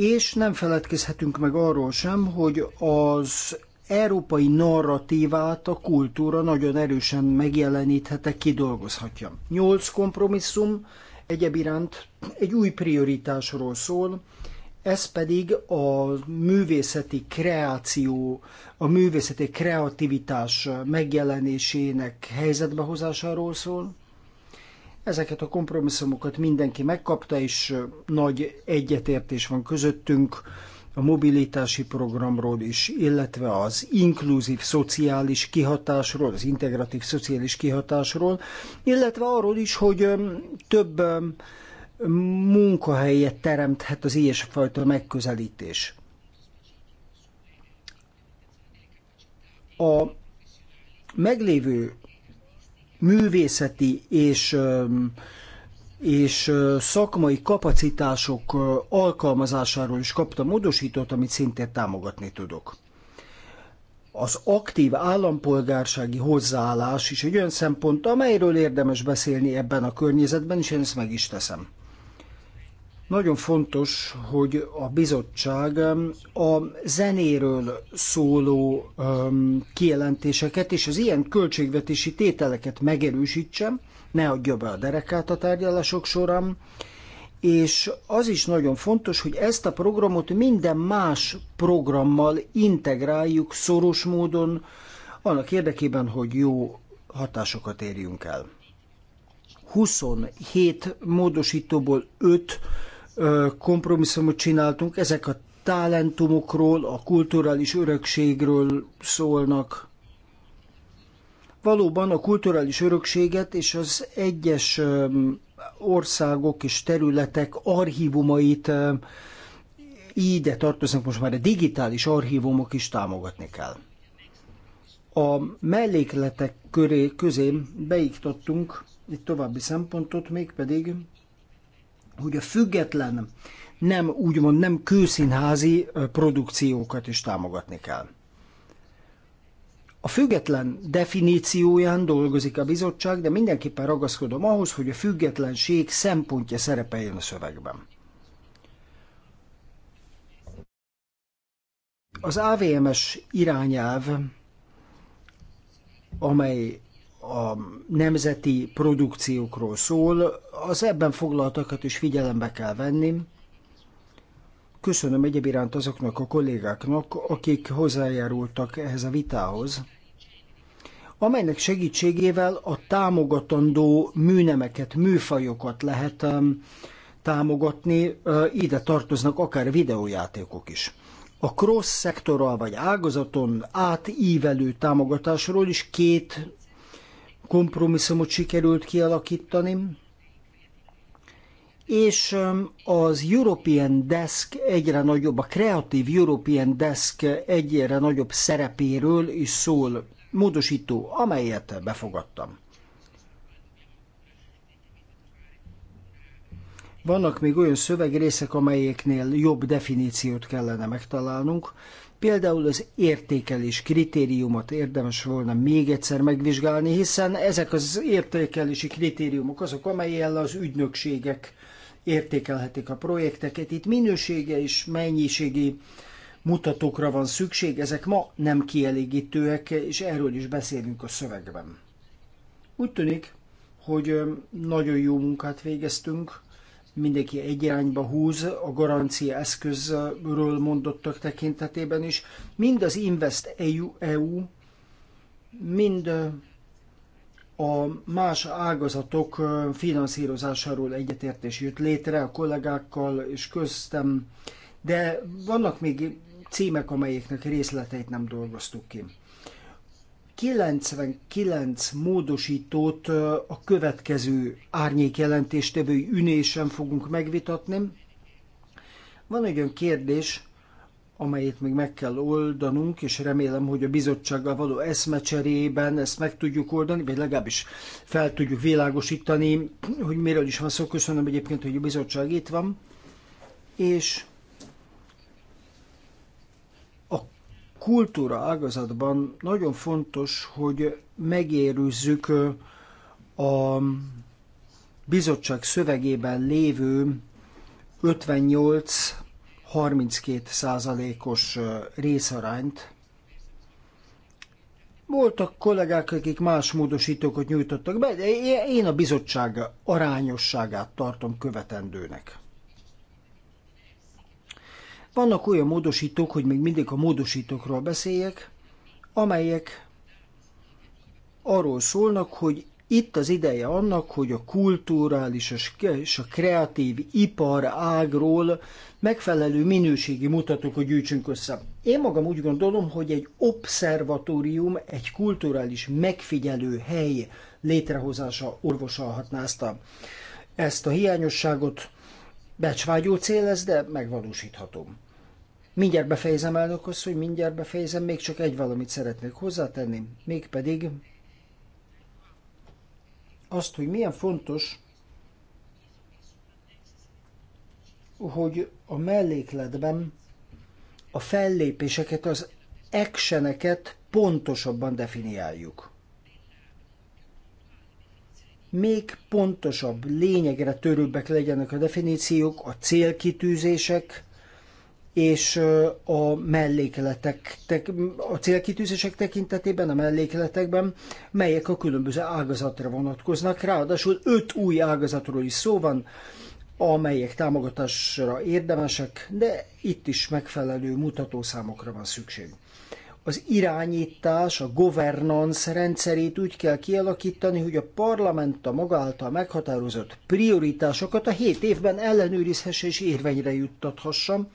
És nem feledkezhetünk meg arról sem, hogy az európai narratívát a kultúra nagyon erősen megjeleníthete, kidolgozhatja. Nyolc kompromisszum egyéb iránt egy új prioritásról szól, ez pedig a művészeti kreáció, a művészeti kreativitás megjelenésének helyzetbehozásáról szól, Ezeket a kompromisszumokat mindenki megkapta, és nagy egyetértés van közöttünk a mobilitási programról is, illetve az inkluzív szociális kihatásról, az integratív szociális kihatásról, illetve arról is, hogy több munkahelyet teremthet az ilyesfajta megközelítés. A meglévő művészeti és és szakmai kapacitások alkalmazásáról is kapta módosítót, amit szintén támogatni tudok. Az aktív állampolgársági hozzáállás is egy olyan szempont, amelyről érdemes beszélni ebben a környezetben, és én ezt meg is teszem. Nagyon fontos, hogy a bizottság um, a zenéről szóló um, kijelentéseket és az ilyen költségvetési tételeket megerősítse, ne adja be a derekát a tárgyalások során, és az is nagyon fontos, hogy ezt a programot minden más programmal integráljuk szoros módon, annak érdekében, hogy jó hatásokat érjünk el. 27 módosítóból 5 kompromisszumot csináltunk, ezek a talentumokról, a kulturális örökségről szólnak. Valóban a kulturális örökséget és az egyes országok és területek archívumait ide tartoznak most már a digitális archívumok is támogatni kell. A mellékletek köré, közé beiktattunk egy további szempontot, mégpedig pedig hogy a független, nem úgymond nem kőszínházi produkciókat is támogatni kell. A független definícióján dolgozik a bizottság, de mindenképpen ragaszkodom ahhoz, hogy a függetlenség szempontja szerepeljen a szövegben. Az AVMS irányelv, amely a nemzeti produkciókról szól, az ebben foglaltakat is figyelembe kell venni. Köszönöm egyebiránt azoknak a kollégáknak, akik hozzájárultak ehhez a vitához, amelynek segítségével a támogatandó műnemeket, műfajokat lehet um, támogatni, uh, ide tartoznak akár videójátékok is. A cross szektorral vagy ágazaton átívelő támogatásról is két kompromisszumot sikerült kialakítani, és az European Desk egyre nagyobb, a kreatív European Desk egyre nagyobb szerepéről is szól módosító, amelyet befogadtam. Vannak még olyan szövegrészek, amelyeknél jobb definíciót kellene megtalálnunk, Például az értékelés kritériumot érdemes volna még egyszer megvizsgálni, hiszen ezek az értékelési kritériumok azok, amelyel az ügynökségek értékelhetik a projekteket. Itt minősége és mennyiségi mutatókra van szükség, ezek ma nem kielégítőek, és erről is beszélünk a szövegben. Úgy tűnik, hogy nagyon jó munkát végeztünk, mindenki egy irányba húz a garancia eszközről mondottak tekintetében is. Mind az Invest EU, EU mind a más ágazatok finanszírozásáról egyetértés jött létre a kollégákkal és köztem, de vannak még címek, amelyeknek részleteit nem dolgoztuk ki. 99 módosítót a következő árnyékjelentéstevői ünésen fogunk megvitatni. Van egy olyan kérdés, amelyet még meg kell oldanunk, és remélem, hogy a bizottsággal való eszmecserében ezt meg tudjuk oldani, vagy legalábbis fel tudjuk világosítani, hogy miről is van szó. Köszönöm egyébként, hogy a bizottság itt van. És kultúra ágazatban nagyon fontos, hogy megérőzzük a bizottság szövegében lévő 58-32 százalékos részarányt. Voltak kollégák, akik más módosítókat nyújtottak be, de én a bizottság arányosságát tartom követendőnek. Vannak olyan módosítók, hogy még mindig a módosítókról beszéljek, amelyek arról szólnak, hogy itt az ideje annak, hogy a kulturális és a kreatív ipar ágról megfelelő minőségi mutatókat gyűjtsünk össze. Én magam úgy gondolom, hogy egy obszervatórium, egy kulturális megfigyelő hely létrehozása orvosolhatná ezt a, ezt a hiányosságot. Becsvágyó cél ez, de megvalósíthatom. Mindjárt befejezem, elnökhoz, hogy mindjárt befejezem, még csak egy valamit szeretnék hozzátenni, mégpedig azt, hogy milyen fontos, hogy a mellékletben a fellépéseket, az actioneket pontosabban definiáljuk. Még pontosabb, lényegre törőbbek legyenek a definíciók, a célkitűzések, és a mellékletek, a célkitűzések tekintetében, a mellékletekben, melyek a különböző ágazatra vonatkoznak. Ráadásul öt új ágazatról is szó van, amelyek támogatásra érdemesek, de itt is megfelelő mutatószámokra van szükség. Az irányítás, a governance rendszerét úgy kell kialakítani, hogy a parlament a maga által meghatározott prioritásokat a hét évben ellenőrizhesse és érvényre juttathassa,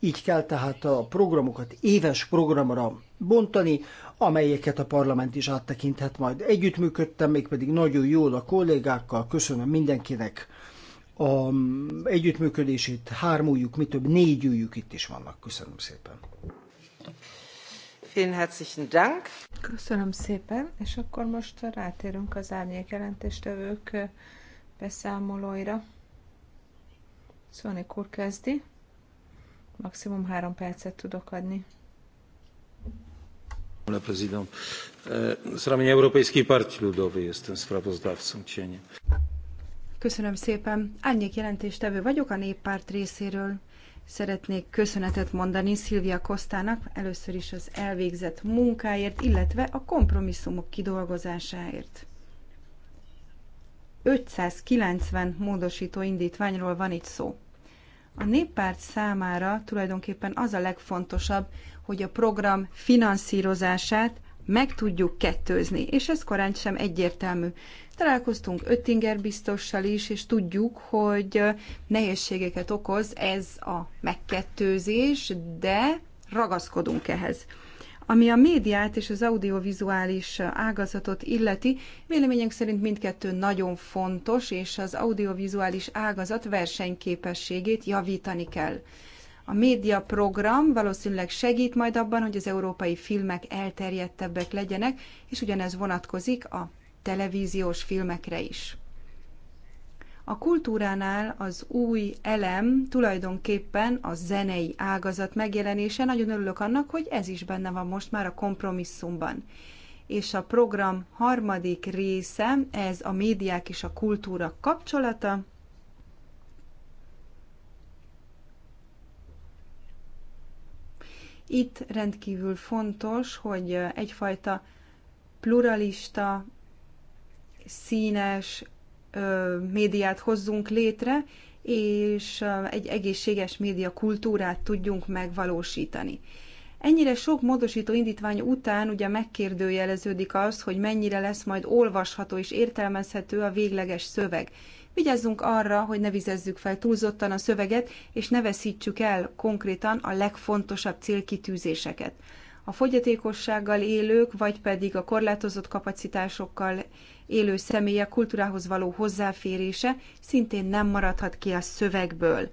így kell tehát a programokat éves programra bontani, amelyeket a parlament is áttekinthet majd. Együttműködtem mégpedig nagyon jól a kollégákkal, köszönöm mindenkinek a együttműködését, hármújuk, mi több négyújuk itt is vannak. Köszönöm szépen.
Vielen herzlichen Dank. Köszönöm szépen, és akkor most rátérünk az árnyék jelentéstevők beszámolóira. Szóval, kezdi maximum három percet tudok adni.
Panie prezydent, e, z ramienia Europejskiej Partii Ludowej jestem
sprawozdawcą cieniem.
Köszönöm szépen. Árnyék jelentéstevő vagyok a néppárt részéről. Szeretnék köszönetet mondani Szilvia Kostának először is az elvégzett munkáért, illetve a kompromisszumok kidolgozásáért. 590 módosító indítványról van itt szó. A néppárt számára tulajdonképpen az a legfontosabb, hogy a program finanszírozását meg tudjuk kettőzni, és ez korán sem egyértelmű. Találkoztunk Öttinger biztossal is, és tudjuk, hogy nehézségeket okoz ez a megkettőzés, de ragaszkodunk ehhez. Ami a médiát és az audiovizuális ágazatot illeti, véleményünk szerint mindkettő nagyon fontos, és az audiovizuális ágazat versenyképességét javítani kell. A médiaprogram valószínűleg segít majd abban, hogy az európai filmek elterjedtebbek legyenek, és ugyanez vonatkozik a televíziós filmekre is. A kultúránál az új elem tulajdonképpen a zenei ágazat megjelenése. Nagyon örülök annak, hogy ez is benne van most már a kompromisszumban. És a program harmadik része, ez a médiák és a kultúra kapcsolata. Itt rendkívül fontos, hogy egyfajta pluralista, színes, médiát hozzunk létre, és egy egészséges média kultúrát tudjunk megvalósítani. Ennyire sok módosító indítvány után ugye megkérdőjeleződik az, hogy mennyire lesz majd olvasható és értelmezhető a végleges szöveg. Vigyázzunk arra, hogy ne vizezzük fel túlzottan a szöveget, és ne veszítsük el konkrétan a legfontosabb célkitűzéseket. A fogyatékossággal élők, vagy pedig a korlátozott kapacitásokkal élő személyek kultúrához való hozzáférése szintén nem maradhat ki a szövegből.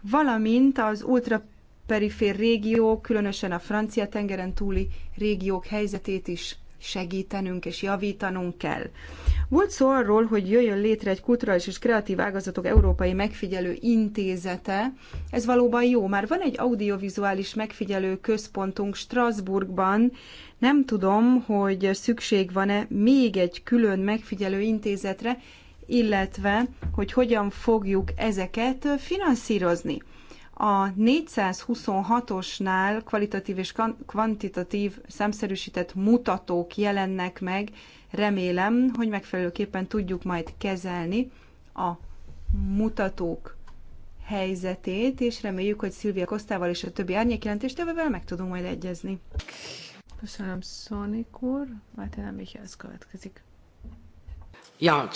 Valamint az ultra perifér régiók, különösen a francia tengeren túli régiók helyzetét is segítenünk és javítanunk kell. Volt szó arról, hogy jöjjön létre egy kulturális és kreatív ágazatok európai megfigyelő intézete. Ez valóban jó. Már van egy audiovizuális megfigyelő központunk Strasbourgban. Nem tudom, hogy szükség van-e még egy külön megfigyelő intézetre, illetve hogy hogyan fogjuk ezeket finanszírozni. A 426-osnál kvalitatív és kvantitatív szemszerűsített mutatók jelennek meg. Remélem, hogy megfelelőképpen tudjuk majd kezelni a mutatók helyzetét, és reméljük, hogy Szilvia Kosztával és a többi árnyékjelentéstevővel meg tudunk majd egyezni. Köszönöm, Szónik úr. Máté nem ez következik.
Ja,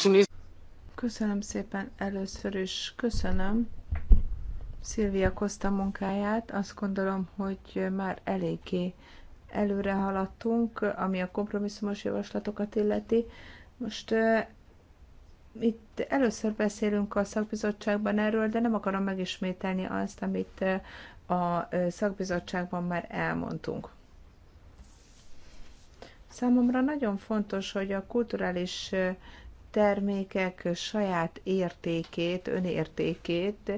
Köszönöm szépen először is. Köszönöm Szilvia Koszta munkáját. Azt gondolom, hogy már eléggé előre haladtunk, ami a kompromisszumos javaslatokat illeti. Most itt először beszélünk a szakbizottságban erről, de nem akarom megismételni azt, amit a szakbizottságban már elmondtunk. Számomra nagyon fontos, hogy a kulturális termékek saját értékét, önértékét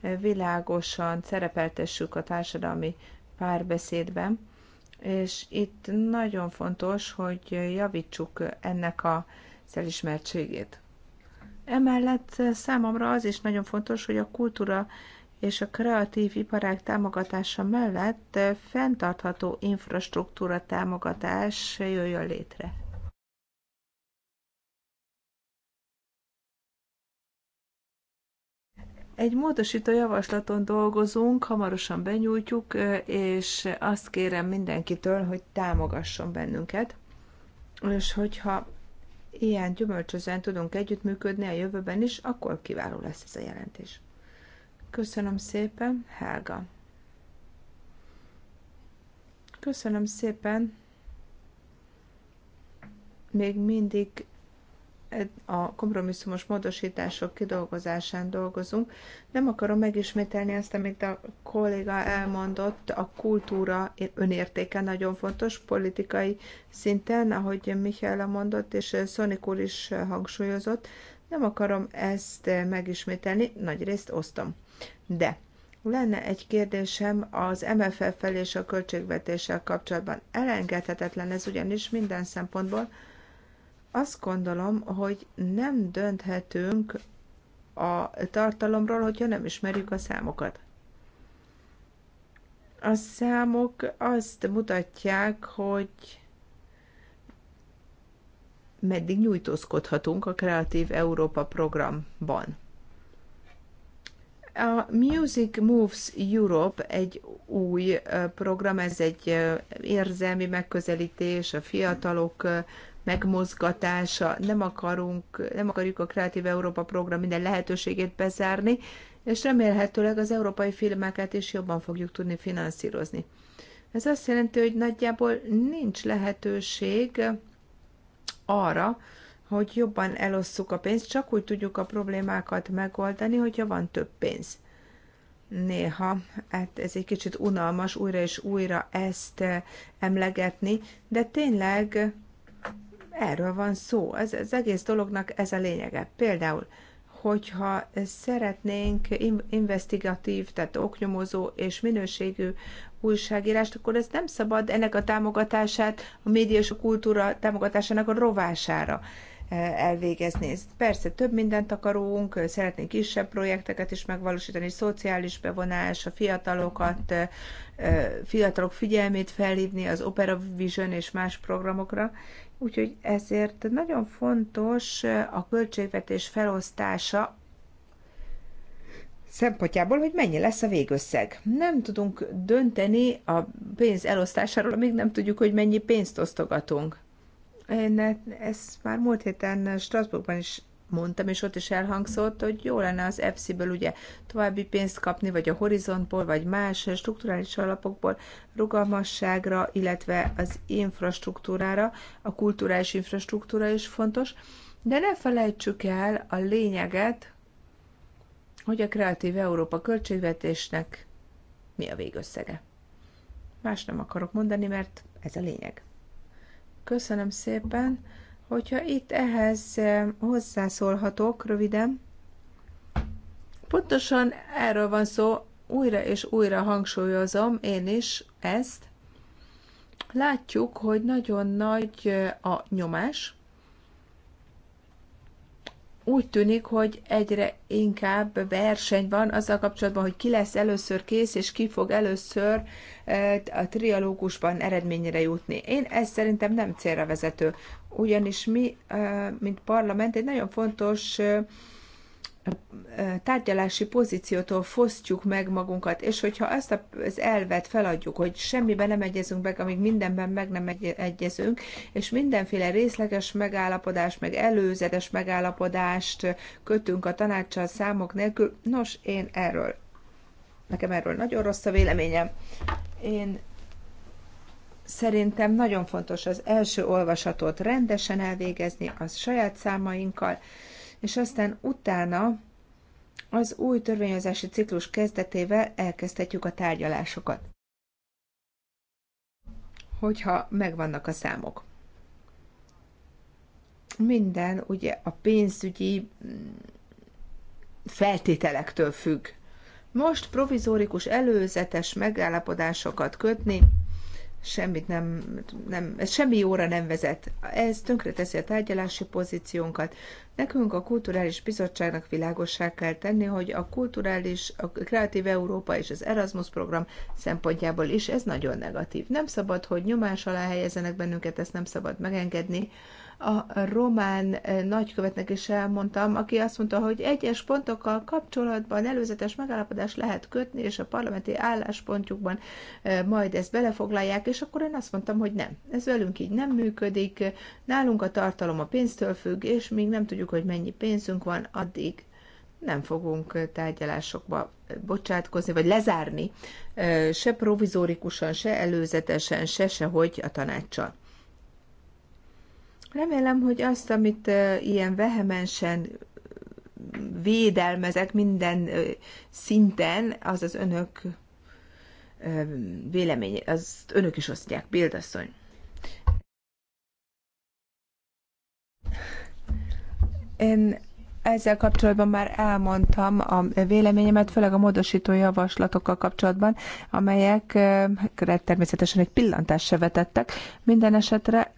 világosan szerepeltessük a társadalmi párbeszédben, és itt nagyon fontos, hogy javítsuk ennek a szelismertségét. Emellett számomra az is nagyon fontos, hogy a kultúra és a kreatív iparák támogatása mellett fenntartható infrastruktúra támogatás jöjjön létre. Egy módosító javaslaton dolgozunk, hamarosan benyújtjuk, és azt kérem mindenkitől, hogy támogasson bennünket, és hogyha ilyen gyümölcsözően tudunk együttműködni a jövőben is, akkor kiváló lesz ez a jelentés. Köszönöm szépen, Helga. Köszönöm szépen. Még mindig a kompromisszumos módosítások kidolgozásán dolgozunk. Nem akarom megismételni azt, amit a kolléga elmondott, a kultúra önértéke nagyon fontos politikai szinten, ahogy Michaela mondott, és Szonik úr is hangsúlyozott. Nem akarom ezt megismételni, nagy részt osztom. De lenne egy kérdésem az MFF-fel és a költségvetéssel kapcsolatban. Elengedhetetlen ez ugyanis minden szempontból, azt gondolom, hogy nem dönthetünk a tartalomról, hogyha nem ismerjük a számokat. A számok azt mutatják, hogy meddig nyújtózkodhatunk a Kreatív Európa programban. A Music Moves Europe egy új program, ez egy érzelmi megközelítés, a fiatalok megmozgatása. Nem, akarunk, nem akarjuk a Kreatív Európa program minden lehetőségét bezárni, és remélhetőleg az európai filmeket is jobban fogjuk tudni finanszírozni. Ez azt jelenti, hogy nagyjából nincs lehetőség arra, hogy jobban elosszuk a pénzt, csak úgy tudjuk a problémákat megoldani, hogyha van több pénz. Néha, hát ez egy kicsit unalmas újra és újra ezt eh, emlegetni, de tényleg Erről van szó. Ez, az egész dolognak ez a lényege. Például, hogyha szeretnénk investigatív, tehát oknyomozó és minőségű újságírást, akkor ez nem szabad ennek a támogatását, a média és a kultúra támogatásának a rovására elvégezni. Persze több mindent akarunk, szeretnénk kisebb projekteket is megvalósítani, szociális bevonás, a fiatalokat, fiatalok figyelmét felhívni az Opera Vision és más programokra, úgyhogy ezért nagyon fontos a költségvetés felosztása szempontjából, hogy mennyi lesz a végösszeg. Nem tudunk dönteni a pénz elosztásáról, amíg nem tudjuk, hogy mennyi pénzt osztogatunk. Én ezt már múlt héten Strasbourgban is mondtam, és ott is elhangzott, hogy jó lenne az EFSI-ből ugye további pénzt kapni, vagy a horizontból, vagy más strukturális alapokból rugalmasságra, illetve az infrastruktúrára, a kulturális infrastruktúra is fontos, de ne felejtsük el a lényeget, hogy a Kreatív Európa költségvetésnek mi a végösszege. Más nem akarok mondani, mert ez a lényeg. Köszönöm szépen. Hogyha itt ehhez eh, hozzászólhatok röviden. Pontosan erről van szó, újra és újra hangsúlyozom én is ezt. Látjuk, hogy nagyon nagy eh, a nyomás, úgy tűnik, hogy egyre inkább verseny van azzal kapcsolatban, hogy ki lesz először kész, és ki fog először e, a trialógusban eredményre jutni. Én ez szerintem nem célra vezető, ugyanis mi, e, mint parlament, egy nagyon fontos e, tárgyalási pozíciótól fosztjuk meg magunkat, és hogyha ezt az elvet feladjuk, hogy semmiben nem egyezünk meg, amíg mindenben meg nem egyezünk, és mindenféle részleges megállapodás, meg előzetes megállapodást kötünk a tanácssal számok nélkül, nos, én erről, nekem erről nagyon rossz a véleményem. Én szerintem nagyon fontos az első olvasatot rendesen elvégezni, az saját számainkkal, és aztán utána az új törvényhozási ciklus kezdetével elkezdhetjük a tárgyalásokat, hogyha megvannak a számok. Minden ugye a pénzügyi mm, feltételektől függ. Most provizórikus előzetes megállapodásokat kötni semmit nem, nem, ez semmi jóra nem vezet. Ez tönkreteszi a tárgyalási pozíciónkat. Nekünk a Kulturális Bizottságnak világossá kell tenni, hogy a kulturális, a Kreatív Európa és az Erasmus program szempontjából is ez nagyon negatív. Nem szabad, hogy nyomás alá helyezenek bennünket, ezt nem szabad megengedni a román eh, nagykövetnek is elmondtam, aki azt mondta, hogy egyes pontokkal kapcsolatban előzetes megállapodás lehet kötni, és a parlamenti álláspontjukban eh, majd ezt belefoglalják, és akkor én azt mondtam, hogy nem. Ez velünk így nem működik, nálunk a tartalom a pénztől függ, és még nem tudjuk, hogy mennyi pénzünk van, addig nem fogunk eh, tárgyalásokba bocsátkozni, vagy lezárni, se provizórikusan, se előzetesen, se sehogy a tanácssal. Remélem, hogy azt, amit ilyen vehemensen védelmezek minden szinten, az az önök véleménye, az önök is osztják, Bildasszony. Én ezzel kapcsolatban már elmondtam a véleményemet, főleg a módosító javaslatokkal kapcsolatban, amelyekre természetesen egy pillantást se vetettek. Minden esetre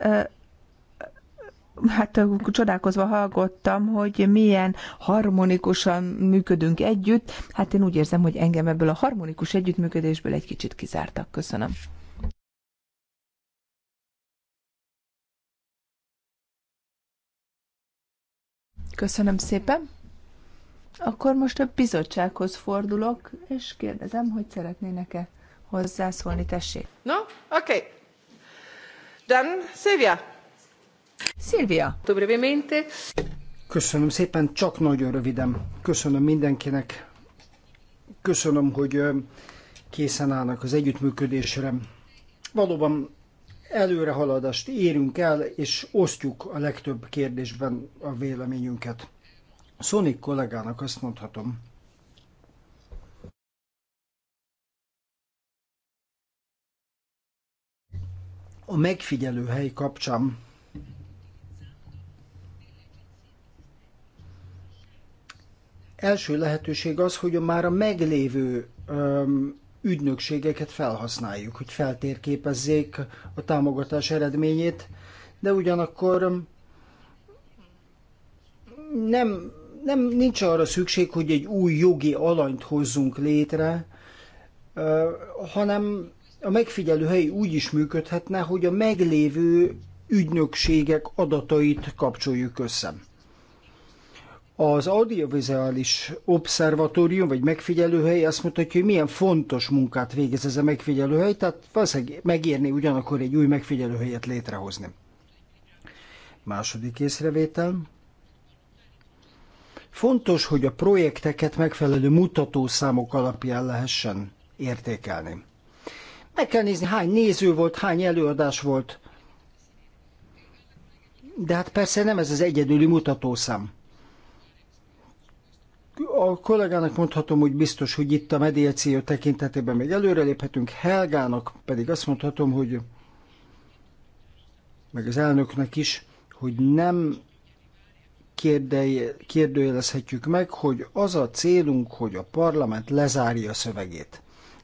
hát csodálkozva hallgattam, hogy milyen harmonikusan működünk együtt. Hát én úgy érzem, hogy engem ebből a harmonikus együttműködésből egy kicsit kizártak. Köszönöm. Köszönöm szépen. Akkor most a bizottsághoz fordulok, és kérdezem, hogy szeretnének-e hozzászólni, tessék. No, oké. Okay. Dann, Szilvia. Szilvia!
Köszönöm szépen, csak nagyon röviden. Köszönöm mindenkinek. Köszönöm, hogy készen állnak az együttműködésre. Valóban előrehaladást érünk el, és osztjuk a legtöbb kérdésben a véleményünket. Szonik kollégának azt mondhatom, a megfigyelő hely kapcsán első lehetőség az, hogy a már a meglévő öm, ügynökségeket felhasználjuk, hogy feltérképezzék a támogatás eredményét, de ugyanakkor nem, nem nincs arra szükség, hogy egy új jogi alanyt hozzunk létre, hanem a megfigyelő hely úgy is működhetne, hogy a meglévő ügynökségek adatait kapcsoljuk össze. Az audiovizuális obszervatórium, vagy megfigyelőhely azt mutatja, hogy milyen fontos munkát végez ez a megfigyelőhely, tehát valószínűleg megérni ugyanakkor egy új megfigyelőhelyet létrehozni. Második észrevétel. Fontos, hogy a projekteket megfelelő mutatószámok alapján lehessen értékelni. Meg kell nézni, hány néző volt, hány előadás volt. De hát persze nem ez az egyedüli mutatószám a kollégának mondhatom, hogy biztos, hogy itt a mediáció tekintetében még előreléphetünk, Helgának pedig azt mondhatom, hogy meg az elnöknek is, hogy nem kérdőjelezhetjük meg, hogy az a célunk, hogy a parlament lezárja a szövegét,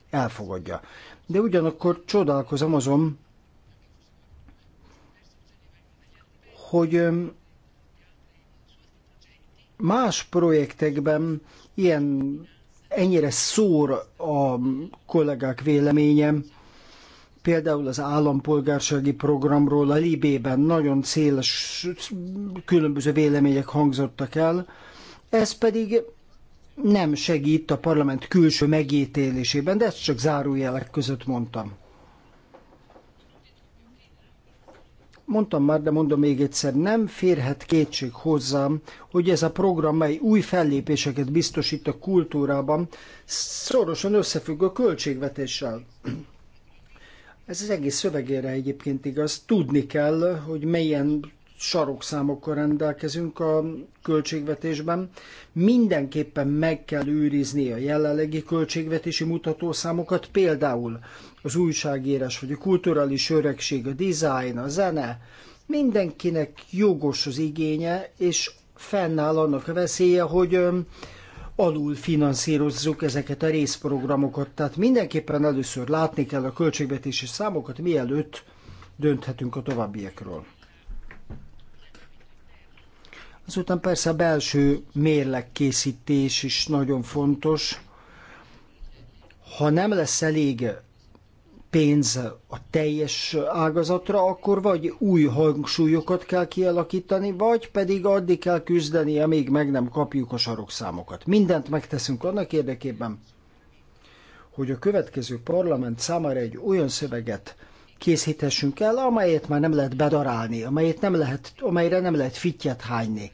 elfogadja. De ugyanakkor csodálkozom azon, hogy Más projektekben ilyen ennyire szór a kollégák véleménye, például az állampolgársági programról a Libében nagyon széles különböző vélemények hangzottak el, ez pedig nem segít a parlament külső megítélésében, de ezt csak zárójelek között mondtam. Mondtam már, de mondom még egyszer, nem férhet kétség hozzám, hogy ez a program, mely új fellépéseket biztosít a kultúrában, szorosan összefügg a költségvetéssel. Ez az egész szövegére egyébként igaz. Tudni kell, hogy milyen sarokszámokkal rendelkezünk a költségvetésben. Mindenképpen meg kell őrizni a jelenlegi költségvetési mutatószámokat, például az újságírás, vagy a kulturális öregség, a design, a zene, mindenkinek jogos az igénye, és fennáll annak a veszélye, hogy alul finanszírozzuk ezeket a részprogramokat. Tehát mindenképpen először látni kell a költségvetési számokat, mielőtt dönthetünk a továbbiakról. Azután persze a belső mérlegkészítés is nagyon fontos. Ha nem lesz elég pénz a teljes ágazatra, akkor vagy új hangsúlyokat kell kialakítani, vagy pedig addig kell küzdeni, amíg meg nem kapjuk a sarokszámokat. Mindent megteszünk annak érdekében, hogy a következő parlament számára egy olyan szöveget készíthessünk el, amelyet már nem lehet bedarálni, amelyet nem lehet, amelyre nem lehet fittyet hányni,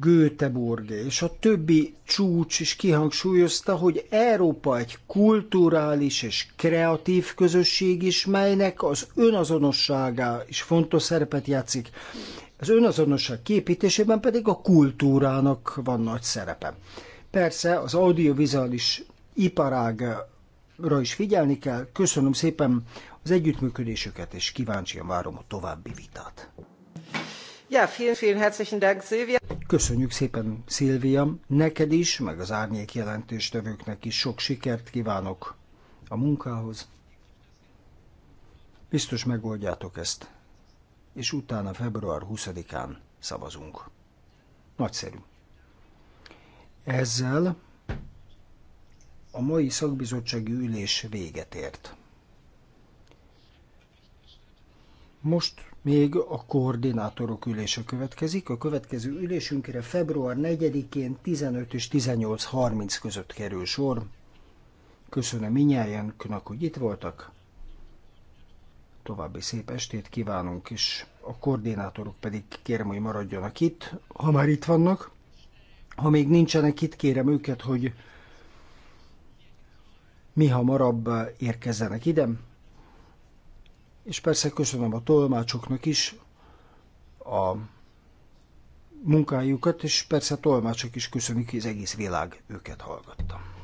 Göteborg és a többi csúcs is kihangsúlyozta, hogy Európa egy kulturális és kreatív közösség is, melynek az önazonossága is fontos szerepet játszik. Az önazonosság képítésében pedig a kultúrának van nagy szerepe. Persze az audiovizuális iparágra is figyelni kell. Köszönöm szépen az együttműködésüket, és kíváncsian várom a további vitát. Ja, vielen, vielen herzlichen Dank, Szilvia. Köszönjük szépen, Szilvia, neked is, meg az árnyék jelentéstevőknek is sok sikert kívánok a munkához. Biztos megoldjátok ezt, és utána február 20-án szavazunk. Nagyszerű. Ezzel a mai szakbizottsági ülés véget ért. Most még a koordinátorok ülése következik. A következő ülésünkre február 4-én 15 és 18.30 között kerül sor. Köszönöm minnyájánknak, hogy itt voltak. További szép estét kívánunk, és a koordinátorok pedig kérem, hogy maradjanak itt, ha már itt vannak. Ha még nincsenek itt, kérem őket, hogy mi hamarabb érkezzenek ide és persze köszönöm a tolmácsoknak is a munkájukat, és persze a tolmácsok is köszönik, hogy az egész világ őket hallgatta.